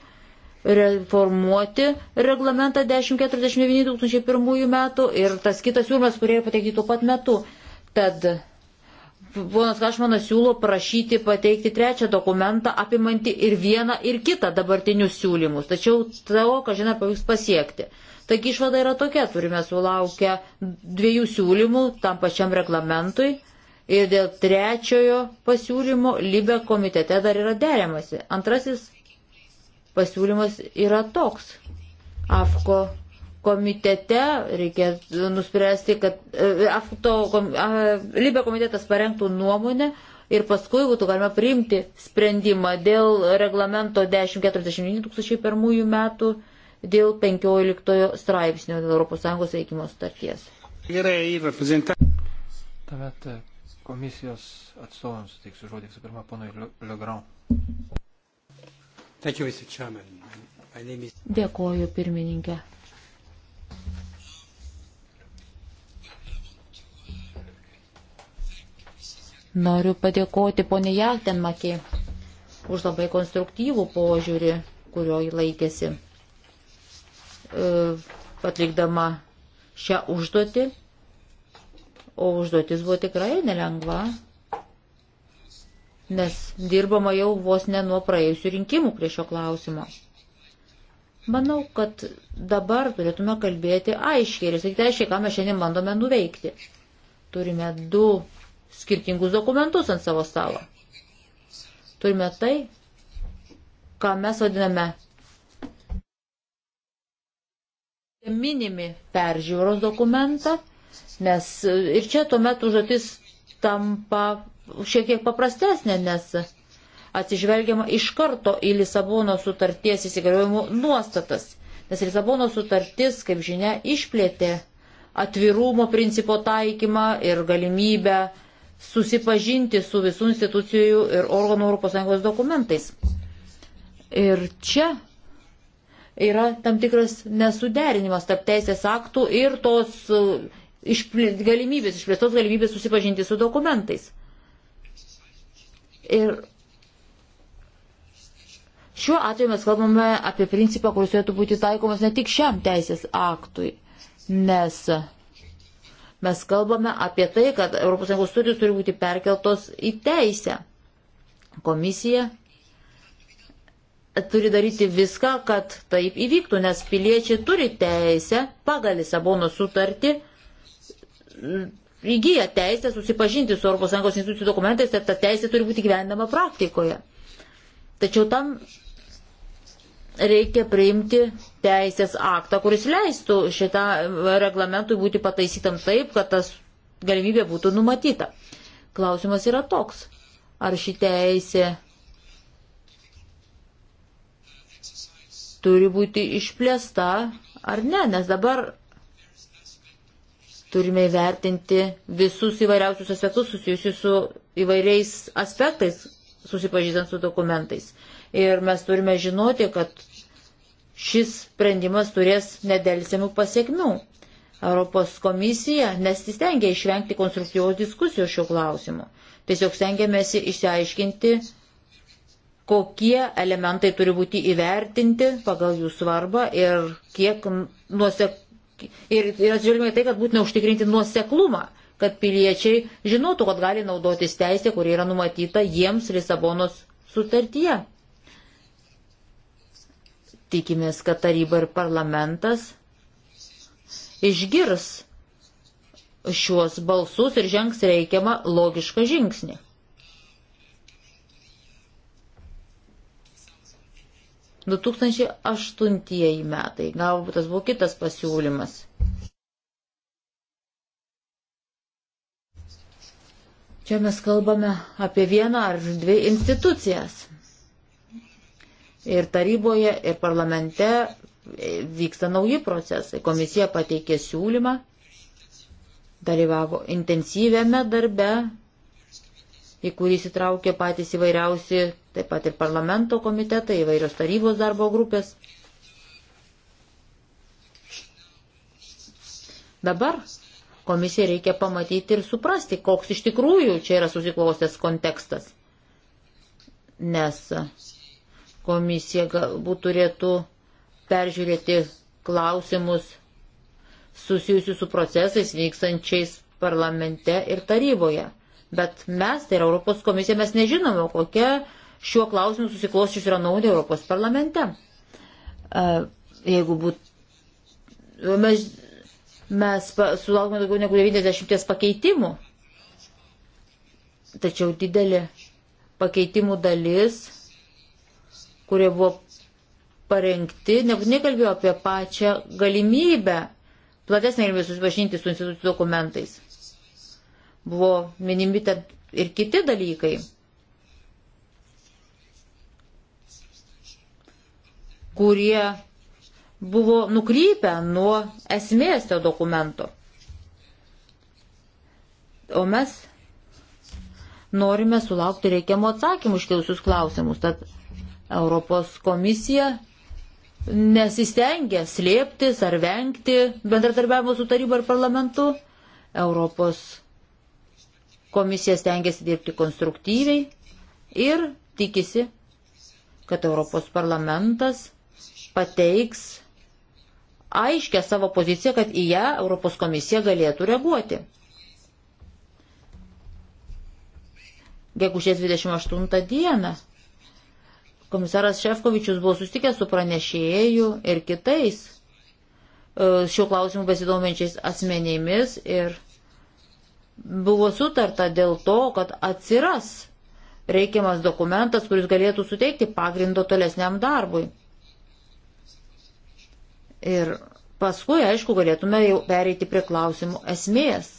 reformuoti reglamentą 1049-2001 metų ir tas kitas siūlymas, kurie pateikti tuo pat metu. Tad ponas Kašmanas siūlo prašyti pateikti trečią dokumentą, apimanti ir vieną, ir kitą dabartinius siūlymus. Tačiau to, ką žinai, pavyks pasiekti. Taigi išvada yra tokia, turime sulaukę dviejų siūlymų tam pačiam reglamentui ir dėl trečiojo pasiūlymo Libe komitete dar yra deriamasi. Antrasis pasiūlymas yra toks. AFKO komitete reikia nuspręsti, kad e, AFKO, Libe komitetas parengtų nuomonę ir paskui būtų galima priimti sprendimą dėl reglamento 1041 2001 metų dėl 15 straipsnio dėl ES veikimo starties. Tuomet e, komisijos atstovams suteiksiu žodį visų pirma ponui Legrand. Dėkoju pirmininkė. Noriu padėkoti ponė Jaltenmakė už labai konstruktyvų požiūrį, kurio jį laikėsi. E, atlikdama šią užduotį, o užduotis buvo tikrai nelengva, nes dirbama jau vos ne nuo praėjusių rinkimų prie šio klausimo. Manau, kad dabar turėtume kalbėti aiškiai ir sakyti aiškiai, ką mes šiandien bandome nuveikti. Turime du skirtingus dokumentus ant savo stalo. Turime tai, ką mes vadiname Minimi peržiūros dokumentą, nes e, ir čia tuomet užduotis tampa šiek tiek paprastesnė, nes atsižvelgiama iš karto į Lisabono sutarties įsigaliojimų nuostatas. Nes Lisabono sutartis, kaip žinia, išplėtė atvirumo principo taikymą ir galimybę susipažinti su visų institucijų ir organų ES dokumentais. Ir čia yra tam tikras nesuderinimas tarp teisės aktų ir tos e, išplė, galimybės, išplėstos galimybės susipažinti su dokumentais. Ir šiuo atveju mes kalbame apie principą, kuris turėtų būti taikomas ne tik šiam teisės aktui, nes mes kalbame apie tai, kad ES studijos turi būti perkeltos į teisę. Komisija turi daryti viską, kad taip įvyktų, nes piliečiai turi teisę pagal Lisabono sutartį mm, įgyja teisę susipažinti su ES institucijų dokumentais ir ta teisė turi būti gyvendama praktikoje. Tačiau tam reikia priimti teisės aktą, kuris leistų šitą reglamentui būti pataisytam taip, kad tas galimybė būtų numatyta. Klausimas yra toks. Ar ši teisė turi būti išplėsta ar ne, nes dabar turime įvertinti visus įvairiausius aspektus susijusius su įvairiais aspektais, susipažįstant su dokumentais. Ir mes turime žinoti, kad šis sprendimas turės nedelsiamų pasiekmių. Europos komisija nesistengia išvengti konstruktyvos diskusijos šiuo klausimu. Tiesiog stengiamėsi išsiaiškinti, kokie elementai turi būti įvertinti pagal jų svarbą ir kiek nuosek... ir, ir atžvelgime tai, kad būtina užtikrinti nuoseklumą, kad piliečiai žinotų, kad gali naudotis teisė, kuri yra numatyta jiems Lisabonos sutartyje. Tikimės, kad taryba ir parlamentas išgirs šiuos balsus ir žengs reikiamą logišką žingsnį. 2008 metai. Galbūt tas buvo kitas pasiūlymas. Čia mes kalbame apie vieną ar dvi institucijas. Ir taryboje, ir parlamente vyksta nauji procesai. Komisija pateikė siūlymą, dalyvavo intensyviame darbe, į kurį įsitraukė patys įvairiausi, taip pat ir parlamento komitetai, įvairios tarybos darbo grupės. Dabar komisija reikia pamatyti ir suprasti, koks iš tikrųjų čia yra susiklostęs kontekstas. Nes komisija galbūt turėtų peržiūrėti klausimus susijusius su procesais vykstančiais parlamente ir taryboje. Bet mes, tai yra Europos komisija, mes nežinome, kokia šiuo klausimu susiklosčius yra nauda Europos parlamente. E, jeigu būtų. Mes, mes sulaukime daugiau negu 90 pakeitimų. Tačiau didelė pakeitimų dalis, kurie buvo parengti, nebūtinai kalbėjo apie pačią galimybę, platesnį galimybę susipažinti su institucijų dokumentais buvo minimi ir kiti dalykai, kurie buvo nukrypę nuo esmės to dokumento. O mes norime sulaukti reikiamų atsakymų iškilusius klausimus. Tad Europos komisija nesistengia slėptis ar vengti bendradarbiavimo su taryba ir parlamentu. Europos Komisija stengiasi dirbti konstruktyviai ir tikisi, kad Europos parlamentas pateiks aiškę savo poziciją, kad į ją Europos komisija galėtų reaguoti. Gegužės 28 dieną komisaras Šefkovičius buvo sustikęs su pranešėjų ir kitais e, šiuo klausimu besidomenčiais asmenėmis ir buvo sutarta dėl to, kad atsiras reikiamas dokumentas, kuris galėtų suteikti pagrindo tolesniam darbui. Ir paskui, aišku, galėtume jau pereiti prie klausimų esmės.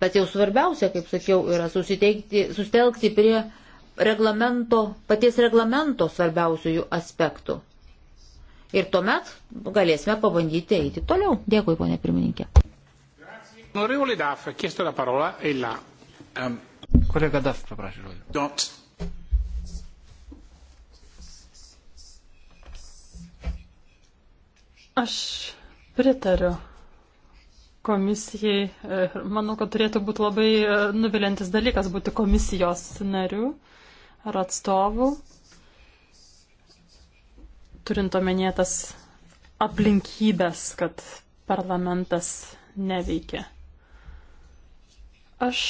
Bet jau svarbiausia, kaip sakiau, yra susitelkti prie reglamento, paties reglamento svarbiausiųjų aspektų. Ir tuomet galėsime pabandyti eiti toliau. Dėkui, ponė pirmininkė. E ehm, Kolega Daf, paprašau žodžio. Aš pritariu komisijai. Eh, manau, kad turėtų būti labai eh, nuvilintis dalykas būti komisijos nariu ar atstovu turint omenyje tas aplinkybės, kad parlamentas neveikia. Aš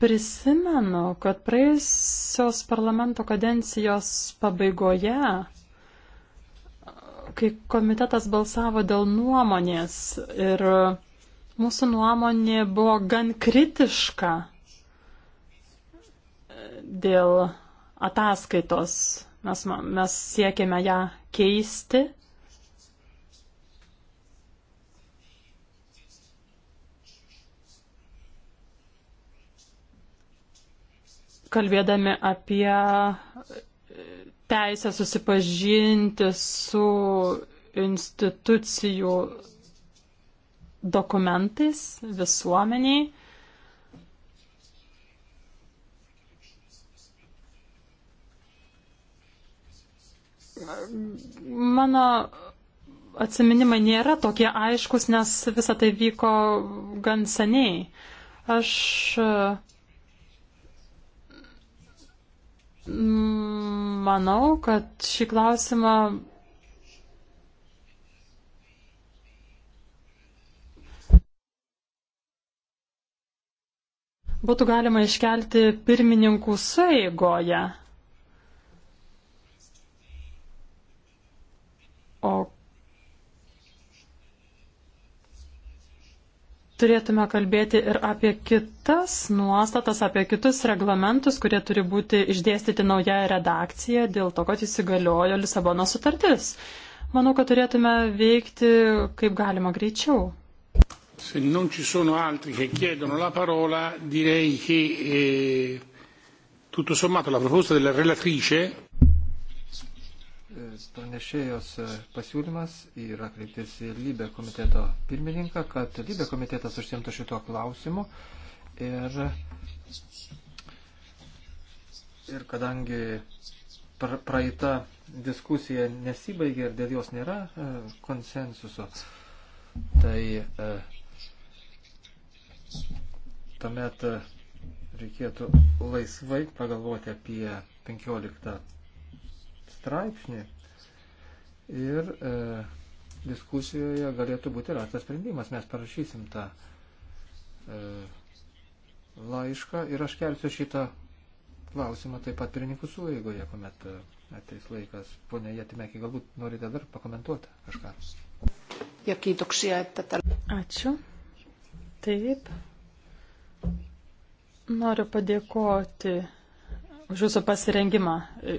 prisimenu, kad praėjusios parlamento kadencijos pabaigoje, kai komitetas balsavo dėl nuomonės ir mūsų nuomonė buvo gan kritiška dėl ataskaitos Mes, mes siekėme ją keisti. Kalbėdami apie e, teisę susipažinti su institucijų dokumentais visuomeniai. Mano atsiminimai nėra tokie aiškus, nes visa tai vyko gan seniai. Aš mm, manau, kad šį klausimą būtų galima iškelti pirmininkų sueigoje. O turėtume kalbėti ir apie kitas nuostatas, apie kitus reglamentus, kurie turi būti išdėstyti nauja redakcija dėl to, kad įsigaliojo Lisabono sutartis. Manau, kad turėtume veikti kaip galima greičiau. Se non ci sono altri che chiedono la parola, direi che eh, tutto sommato la proposta della relatrice pranešėjos pasiūlymas yra kreiptis į Lybę komiteto pirmininką, kad Lybė komitetas užsiimtų šito klausimu. Ir, ir kadangi praeita diskusija nesibaigė ir dėl jos nėra e, konsensuso, tai e, tuomet reikėtų laisvai pagalvoti apie 15 straipsnį ir e, diskusijoje galėtų būti rastas sprendimas. Mes parašysim tą e, laišką ir aš kelsiu šitą klausimą taip pat pirmininkų suveigoje, kuomet e, ateis laikas. Pone Jatimekį, galbūt norite dar pakomentuoti kažką? Ja kiitoksia, että tällä... Ačiū. Taip. Noriu padėkoti už jūsų pasirengimą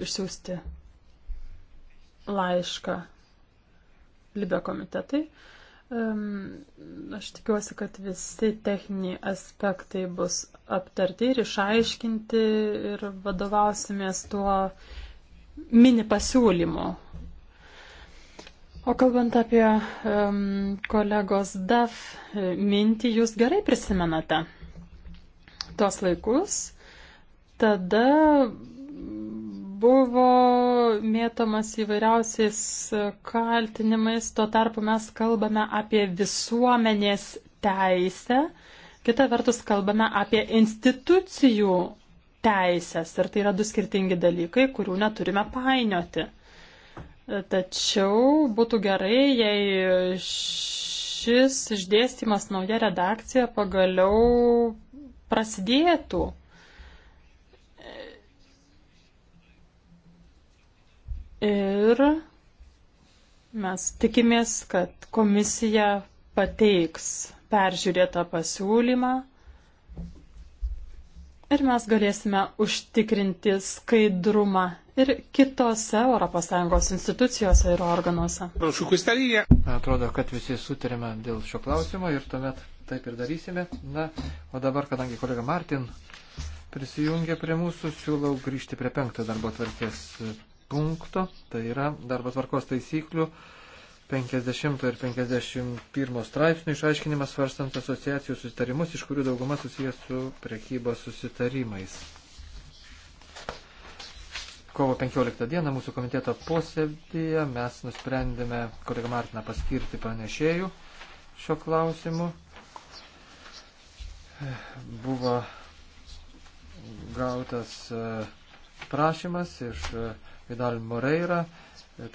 išsiųsti laišką Libė komitetai. Aš tikiuosi, kad visi techniniai aspektai bus aptarti ir išaiškinti ir vadovausimės tuo mini pasiūlymu. O kalbant apie um, kolegos DAF mintį, jūs gerai prisimenate tuos laikus. Tada buvo mėtomas įvairiausiais kaltinimais, tuo tarpu mes kalbame apie visuomenės teisę, kita vertus kalbame apie institucijų teisės ir tai yra du skirtingi dalykai, kurių neturime painioti. Tačiau būtų gerai, jei šis išdėstymas nauja redakcija pagaliau prasidėtų. Ir mes tikimės, kad komisija pateiks peržiūrėtą pasiūlymą ir mes galėsime užtikrinti skaidrumą ir kitose ES institucijose ir organuose. Man atrodo, kad visi sutarėme dėl šio klausimo ir tuomet taip ir darysime. Na, o dabar, kadangi kolega Martin prisijungė prie mūsų, siūlau grįžti prie penkto darbo tvarkės punkto, tai yra darbo tvarkos taisyklių 50 ir 51 straipsnių išaiškinimas svarstant asociacijų susitarimus, iš kurių dauguma susijęs su prekybos susitarimais. Kovo 15 dieną mūsų komiteto posėdėje mes nusprendėme kolegą Martiną paskirti pranešėjų šio klausimu. Buvo gautas e, prašymas iš e, Vidal Moreira,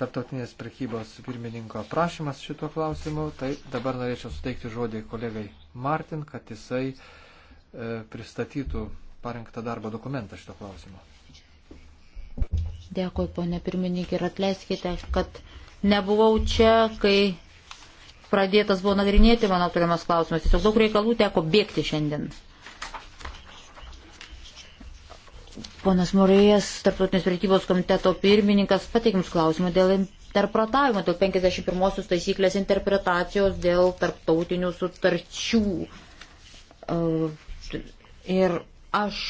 tarptautinės prekybos pirmininko prašymas šito klausimu. Tai dabar norėčiau suteikti žodį kolegai Martin, kad jisai e, pristatytų parengtą darbo dokumentą šito klausimu. Dėkui, ponė pirmininkė, ir atleiskite, kad nebuvau čia, kai pradėtas buvo nagrinėti mano turimas klausimas. Tiesiog daug reikalų teko bėgti šiandien. Ponas Morėjas, Tarptautinės prekybos komiteto pirmininkas, pateikims klausimą dėl interpretavimo, dėl 51 taisyklės interpretacijos, dėl tarptautinių sutarčių. E, ir aš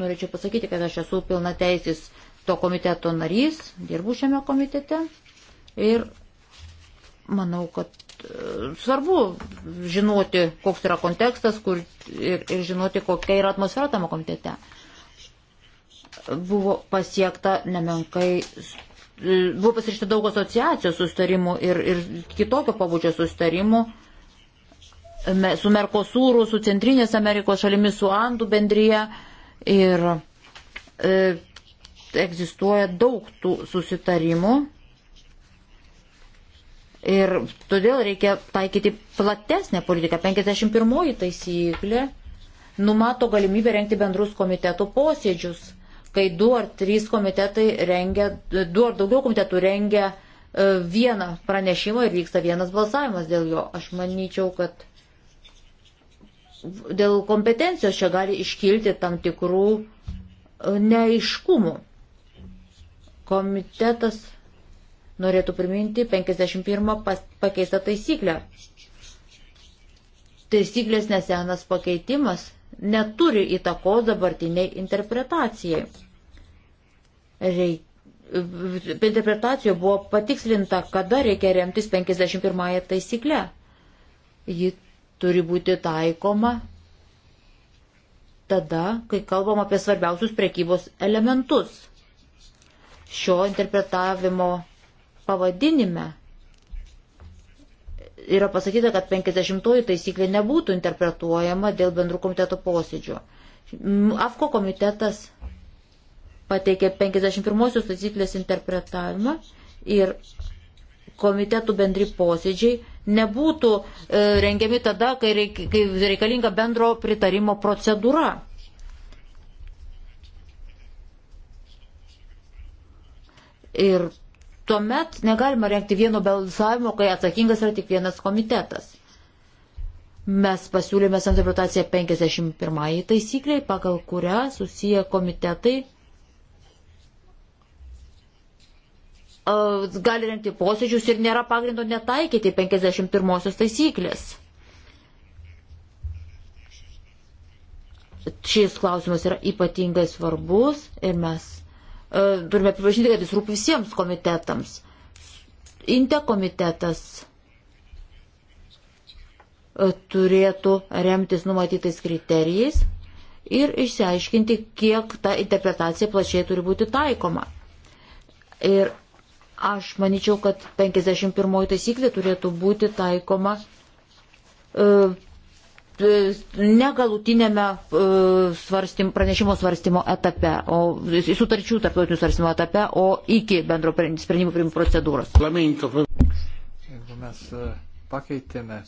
norėčiau pasakyti, kad aš esu pilna teisis to komiteto narys, dirbu šiame komitete ir manau, kad e, svarbu žinoti, koks yra kontekstas kur, ir, ir žinoti, kokia yra atmosfera tame komitete. Uh, buvo pasiekta nemenkai, buvo pasirašyta daug asociacijos sustarimų ir, ir kitokio pabudžio sustarimų su Merkosūru, su Centrinės Amerikos šalimis, su Andų bendryje ir e, egzistuoja daug tų susitarimų. Ir todėl reikia taikyti platesnę politiką. 51 taisyklė numato galimybę renkti bendrus komitetų posėdžius kai du ar trys komitetai rengia, du ar daugiau komitetų rengia e, vieną pranešimą ir vyksta vienas balsavimas dėl jo. Aš manyčiau, kad dėl kompetencijos čia gali iškilti tam tikrų e, neaiškumų. Komitetas norėtų priminti 51 pakeistą taisyklę. Taisyklės nesenas pakeitimas neturi įtakos dabartiniai interpretacijai reikia interpretacijoje buvo patikslinta, kada reikia remtis 51 taisykle. Ji turi būti taikoma tada, kai kalbam apie svarbiausius prekybos elementus. Šio interpretavimo pavadinime yra pasakyta, kad 50 taisyklė nebūtų interpretuojama dėl bendrų komiteto posėdžio. AFKO komitetas pateikė 51-osios taisyklės interpretavimą ir komitetų bendri posėdžiai nebūtų e, rengiami tada, kai, reik, kai reikalinga bendro pritarimo procedūra. Ir tuomet negalima renkti vieno balsavimo, kai atsakingas yra tik vienas komitetas. Mes pasiūlėme interpretaciją 51 taisykliai, pagal kurią susiję komitetai gali rengti posėdžius ir nėra pagrindo netaikyti 51 taisyklės. Šis klausimas yra ypatingai svarbus ir mes e, turime pripažinti, kad jis rūpi visiems komitetams. Inte komitetas e, turėtų remtis numatytais kriterijais ir išsiaiškinti, kiek ta interpretacija plačiai turi būti taikoma. Ir Aš manyčiau, kad 51 taisyklė turėtų būti taikoma e, negalutinėme e, e svarstym, pranešimo svarstymo etape, o sutarčių tarptautinių svarstymo etape, o iki bendro sprendimų priimimo procedūros. Jeigu mes e, pakeitėme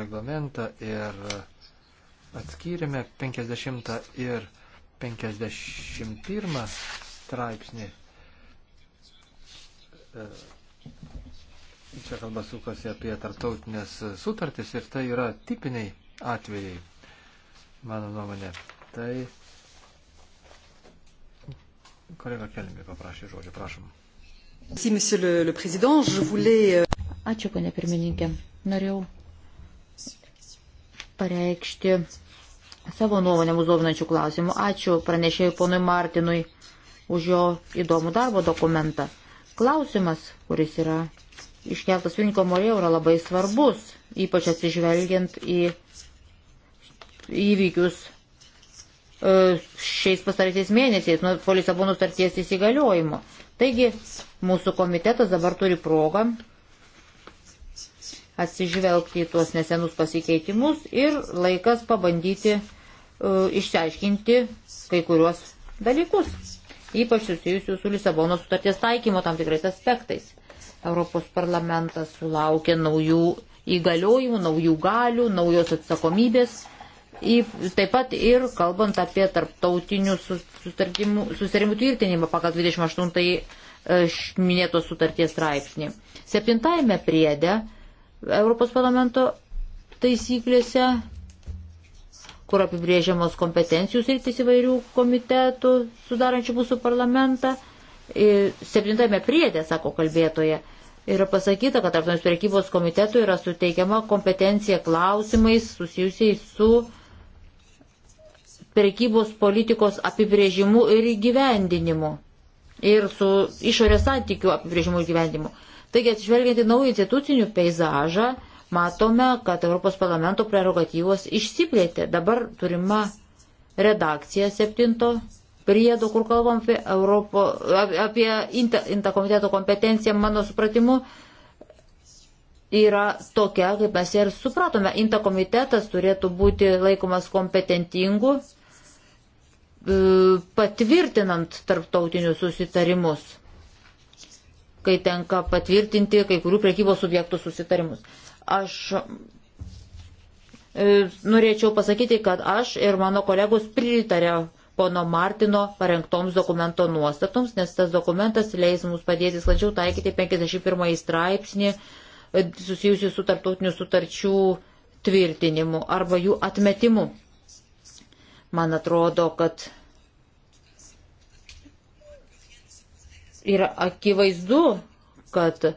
reglamentą ir atskyrėme 50 ir 51 straipsnį E, čia kalba sukasi apie tarptautinės sutartys ir tai yra tipiniai atvejai, mano nuomonė. Tai kolega Kelmi paprašė žodžio, prašom. Euh, Ačiū, ponė pirmininkė. Norėjau pareikšti savo nuomonę mūsų dominančių klausimų. Ačiū pranešėjui ponui Martinui už jo įdomų darbo dokumentą. Klausimas, kuris yra iškeltas Vinko Morėjo, yra labai svarbus, ypač atsižvelgiant į įvykius e, šiais pastaraisiais mėnesiais nuo po Lisabono starties įsigaliojimo. Taigi mūsų komitetas dabar turi progą atsižvelgti į tuos nesenus pasikeitimus ir laikas pabandyti uh, išsiaiškinti kai kuriuos dalykus ypač susijusių su Lisabono sutarties taikymo tam tikrais aspektais. Europos parlamentas sulaukė naujų įgaliojimų, naujų galių, naujos atsakomybės, taip pat ir kalbant apie tarptautinių susitarimų tvirtinimą pagal 28 e, minėtos sutarties straipsnį. Septintajame priede Europos parlamento taisyklėse kur apibrėžiamos kompetencijų sritis įvairių komitetų sudarančių mūsų parlamentą. Ir septintame priedė, sako kalbėtoje, yra pasakyta, kad tarptautinės priekybos komitetui yra suteikiama kompetencija klausimais susijusiais su priekybos politikos apibrėžimu ir įgyvendinimu ir su išorės santykių apibrėžimu ir gyvendimu. Taigi, atsižvelgiant į naują institucinių peizažą, matome, kad Europos parlamento prerogatyvos išsiplėtė. Dabar turima redakcija septinto priedo, kur kalbam apie, Europo, apie inta, inta komiteto kompetenciją, mano supratimu, yra tokia, kaip mes ir supratome. Inta komitetas turėtų būti laikomas kompetentingu, e, patvirtinant tarptautinius susitarimus, kai tenka patvirtinti kai kurių priekybos subjektų susitarimus. Aš e, norėčiau pasakyti, kad aš ir mano kolegos pritarė pono Martino parengtoms dokumento nuostatoms, nes tas dokumentas leis mums padėti sklandžiau taikyti 51 straipsnį e, susijusiu su tarptautiniu sutarčių tvirtinimu arba jų atmetimu. Man atrodo, kad yra akivaizdu, kad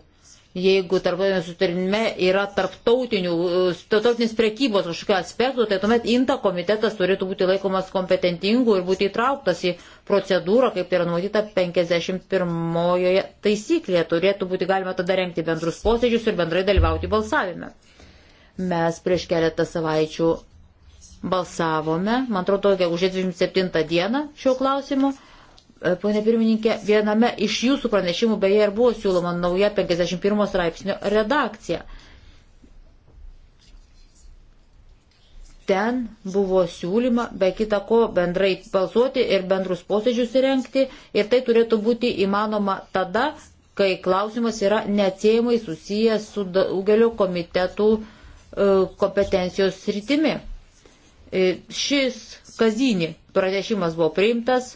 jeigu tarptautinė sutarime yra e, tarptautinės prekybos kažkokių aspektų, tai tuomet INTA komitetas turėtų būti laikomas kompetentingu ir būti įtrauktas į procedūrą, kaip tai yra numatyta 51 taisyklėje. Turėtų būti galima tada renkti bendrus posėdžius ir bendrai dalyvauti balsavime. Mes prieš keletą savaičių balsavome, man atrodo, gegužės 27 dieną šiuo klausimu E, Pone pirmininkė, viename iš jūsų pranešimų beje ir buvo siūloma nauja 51 straipsnio redakcija. Ten buvo siūlyma be kita ko bendrai balsuoti ir bendrus posėdžius įrengti ir tai turėtų būti įmanoma tada, kai klausimas yra neatsiejamai susijęs su daugelio komitetų e, kompetencijos sritimi. E, šis kazinį pranešimas buvo priimtas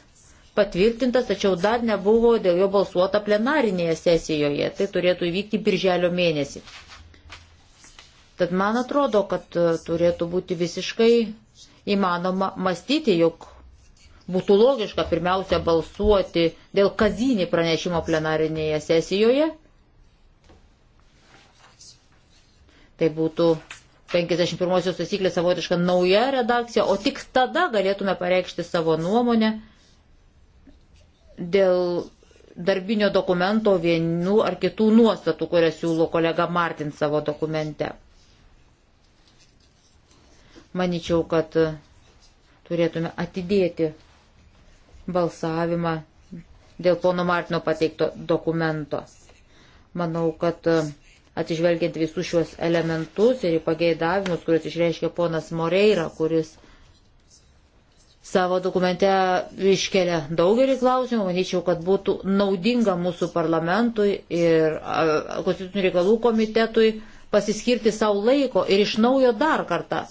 patvirtintas, tačiau dar nebuvo dėl jo balsuota plenarinėje sesijoje. Tai turėtų įvykti birželio mėnesį. Tad man atrodo, kad e, turėtų būti visiškai įmanoma mąstyti, jog būtų logiška pirmiausia balsuoti dėl kazinį pranešimo plenarinėje sesijoje. Tai būtų 51 taisyklės savotiška nauja redakcija, o tik tada galėtume pareikšti savo nuomonę dėl darbinio dokumento vienų ar kitų nuostatų, kurias siūlo kolega Martin savo dokumente. Maničiau, kad turėtume atidėti balsavimą dėl pono Martino pateikto dokumento. Manau, kad e, atsižvelgiant visus šiuos elementus ir į pageidavimus, kuriuos išreiškė ponas Moreira, kuris savo dokumente iškelia daugelį klausimų, manyčiau, kad būtų naudinga mūsų parlamentui ir konstitucinių reikalų komitetui pasiskirti savo laiko ir iš naujo dar kartą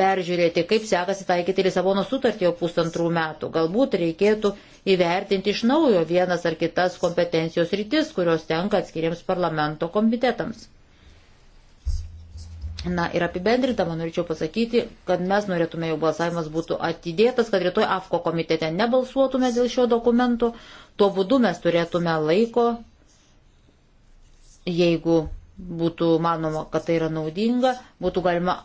peržiūrėti, kaip sekasi taikyti Lisabono sutartį jau pusantrų metų. Galbūt reikėtų įvertinti iš naujo vienas ar kitas kompetencijos rytis, kurios tenka atskiriams parlamento komitetams. Na ir apibendrintama norėčiau pasakyti, kad mes norėtume, jog balsavimas būtų atidėtas, kad rytoj AFKO komitete nebalsuotume dėl šio dokumento. Tuo būdu mes turėtume laiko, jeigu būtų manoma, kad tai yra naudinga, būtų galima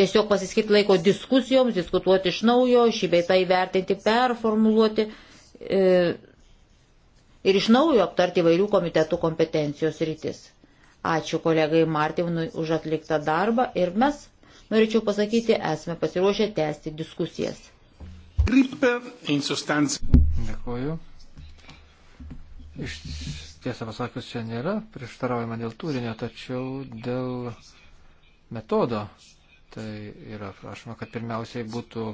tiesiog pasiskirti laiko diskusijoms, diskutuoti iš naujo, šį beitą įvertinti, performuluoti e, ir iš naujo aptarti vairių komitetų kompetencijos rytis. Ačiū kolegai Martinui už atliktą darbą ir mes, norėčiau pasakyti, esame pasiruošę tęsti diskusijas. Dėkuoju. Iš tiesą pasakius, čia nėra prieštaraujama dėl turinio, tačiau dėl metodo. Tai yra prašoma, kad pirmiausiai būtų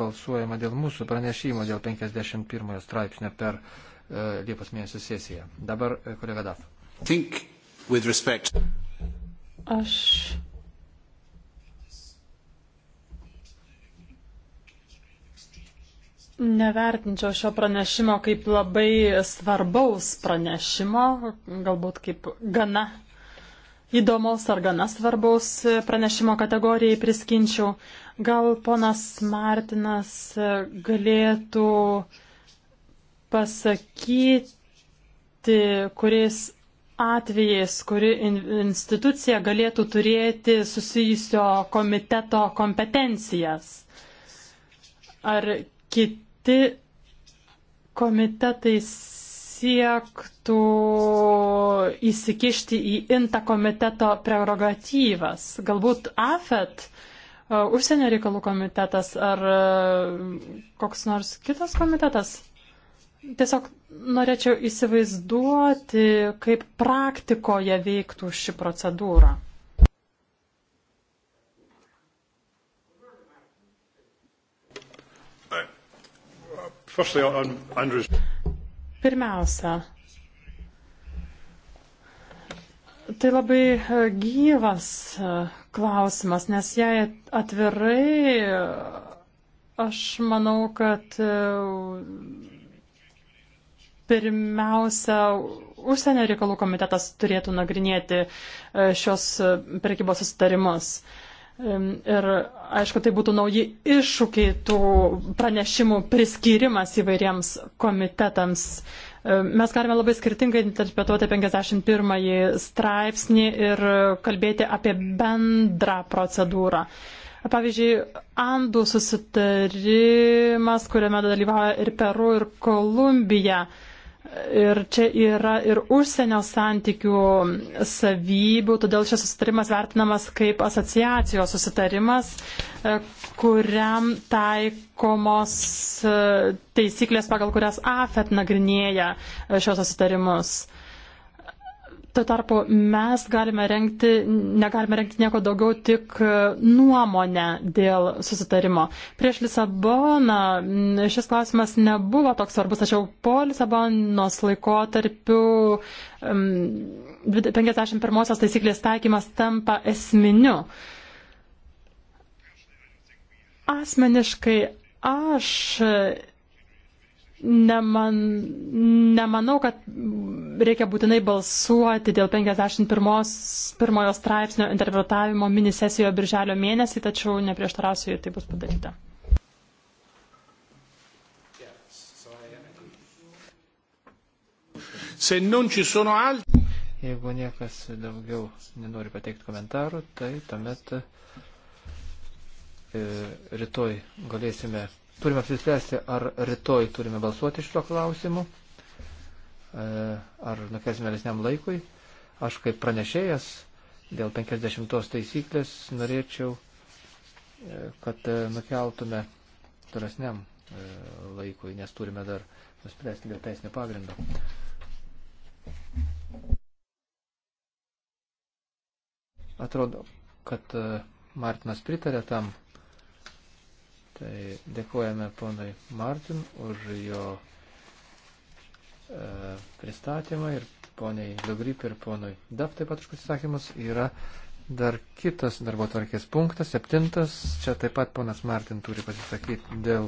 balsuojama dėl mūsų pranešimo dėl 51 straipsnio per uh, Liepos mėnesio sesiją. Dabar uh, kolega Daf. Think with respect. Aš nevertinčiau šio pranešimo kaip labai svarbaus pranešimo, galbūt kaip gana įdomaus ar gana svarbaus pranešimo kategorijai priskinčiau. Gal ponas Martinas galėtų pasakyti, kuriais atvejais, kuri institucija galėtų turėti susijusio komiteto kompetencijas? Ar kiti komitetai siektų įsikišti į INTA komiteto prerogatyvas. Galbūt AFET, uh, užsienio reikalų komitetas ar uh, koks nors kitas komitetas? tiesiog norėčiau įsivaizduoti, kaip praktikoje veiktų ši procedūra. Pirmiausia, tai labai e, gyvas e, klausimas, nes jei atvirai, e, aš manau, kad pirmiausia, užsienio reikalų komitetas turėtų nagrinėti e, šios e, prekybos sustarimus. Ir aišku, tai būtų nauji iššūkiai tų pranešimų priskyrimas įvairiems komitetams. E, mes galime labai skirtingai interpretuoti 51 straipsnį ir kalbėti apie bendrą procedūrą. Pavyzdžiui, Andų susitarimas, kuriame dalyvauja ir Peru, ir Kolumbija. Uh, Ir čia yra ir užsienio santykių savybių, todėl šis susitarimas vertinamas kaip asociacijos susitarimas, e, kuriam taikomos e, taisyklės, pagal kurias AFET nagrinėja e, šios susitarimus. Tuo tarpu mes galime rengti, negalime rengti nieko daugiau, tik nuomonę dėl susitarimo. Prieš Lisaboną šis klausimas nebuvo toks svarbus, tačiau po Lisabonos laikotarpiu 51 taisyklės taikymas tampa esminiu. Asmeniškai aš neman, nemanau, kad reikia būtinai balsuoti dėl 51 straipsnio interpretavimo minisesijoje birželio mėnesį, tačiau neprieštarausiu, jei tai bus padaryta. Jeigu niekas daugiau nenori pateikti komentarų, tai tuomet e, rytoj galėsime turime apsispręsti, ar rytoj turime balsuoti šito klausimu, e, ar nukesime vėlesniam laikui. Aš kaip pranešėjas dėl 50 taisyklės norėčiau, e, kad e, nukeltume turasniam laikui, nes turime dar nuspręsti dėl teisinio pagrindo. Atrodo, kad Martinas pritarė tam Tai dėkojame ponui Martin už jo e, pristatymą ir poniai Liugrip ir ponui Daf taip pat už pasisakymus yra dar kitas darbo tvarkės punktas, septintas. Čia taip pat ponas Martin turi pasisakyti dėl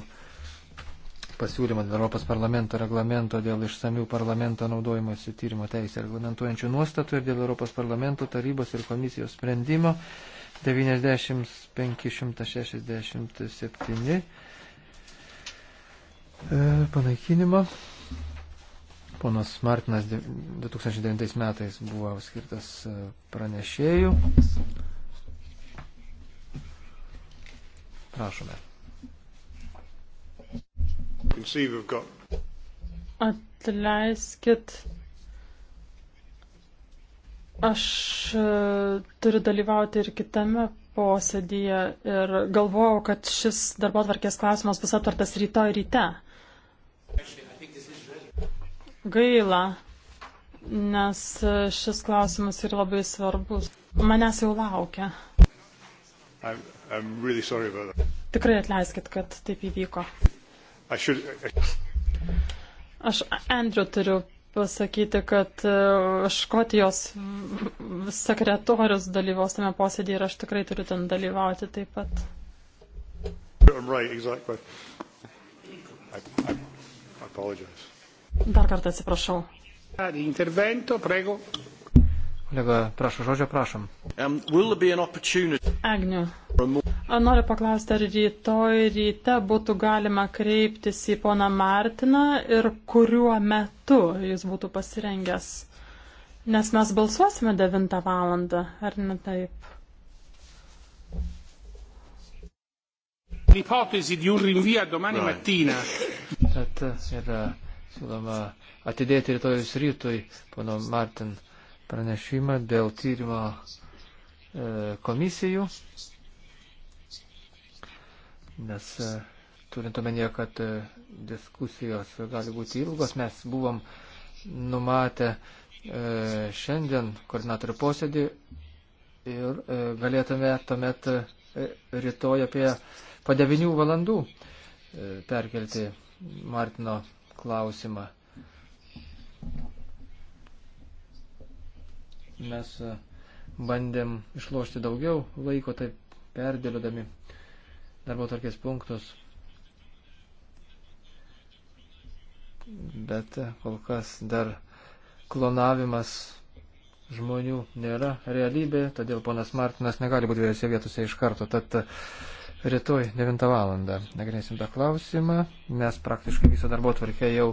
pasiūlymą dėl Europos parlamento reglamento dėl išsamių parlamento naudojimosi tyrimo teisę reglamentuojančių nuostatų ir dėl Europos parlamento tarybos ir komisijos sprendimo 9567 e, panaikinimą. Ponas Martinas 2009 metais buvo skirtas e, pranešėjų. Prašome. Atleiskit Aš e, turiu dalyvauti ir kitame posėdyje ir galvojau, kad šis darbo atvarkės klausimas bus aptartas rytoj ryte. Gaila, nes e, šis klausimas yra labai svarbus. Manęs jau laukia. I'm, I'm really Tikrai atleiskit, kad taip įvyko. I should, I... Aš Andriu turiu pasakyti, kad e, Škotijos sekretorius dalyvaus tame posėdėje ir aš tikrai turiu ten dalyvauti taip pat. Right, exactly. I, I, I Dar kartą atsiprašau. Intervento, prego. Kolega, prašau, žodžio prašom. Um, Agniu. Noriu paklausti, ar rytoj ryte būtų galima kreiptis į poną Martiną ir kuriuo metu jis būtų pasirengęs. Nes mes balsuosime 9 valandą, ar ne taip? L'ipotesi di un rinvio a domani right. mattina. Tad yra siūloma atidėti rytojus rytui, pono Martin. Uh, pranešimą dėl tyrimo e, komisijų, nes e, turint omenyje, kad e, diskusijos gali būti ilgos, mes buvom numatę šiandien koordinatorių posėdį ir galėtume tuomet rytoj apie po 9 valandų perkelti Martino klausimą. Mes e, bandėm išlošti daugiau laiko, taip perdėliodami darbo tarkės punktus. Bet e, kol kas dar klonavimas žmonių nėra realybė, todėl ponas Martinas negali būti vėliausiai vietose iš karto. Tad e, rytoj 9 val. nagrinėsim tą klausimą, nes praktiškai visą darbo tvarkę jau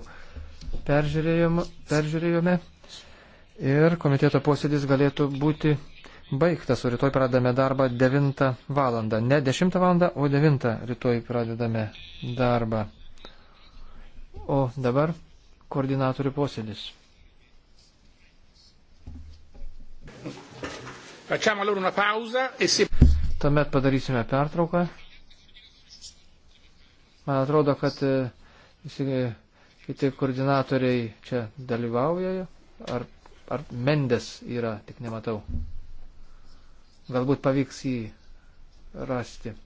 peržiūrėjome. peržiūrėjome ir komiteto posėdis galėtų būti baigtas, o rytoj pradame darbą 9 valandą. Ne 10 valandą, o 9 rytoj pradedame darbą. O dabar koordinatorių posėdis. Facciamo allora una pausa e se... Tuomet padarysime pertrauką. Man atrodo, kad e, visi e, kiti koordinatoriai čia dalyvauja. Ar Ar Mendes yra, tik nematau. Galbūt pavyks jį rasti.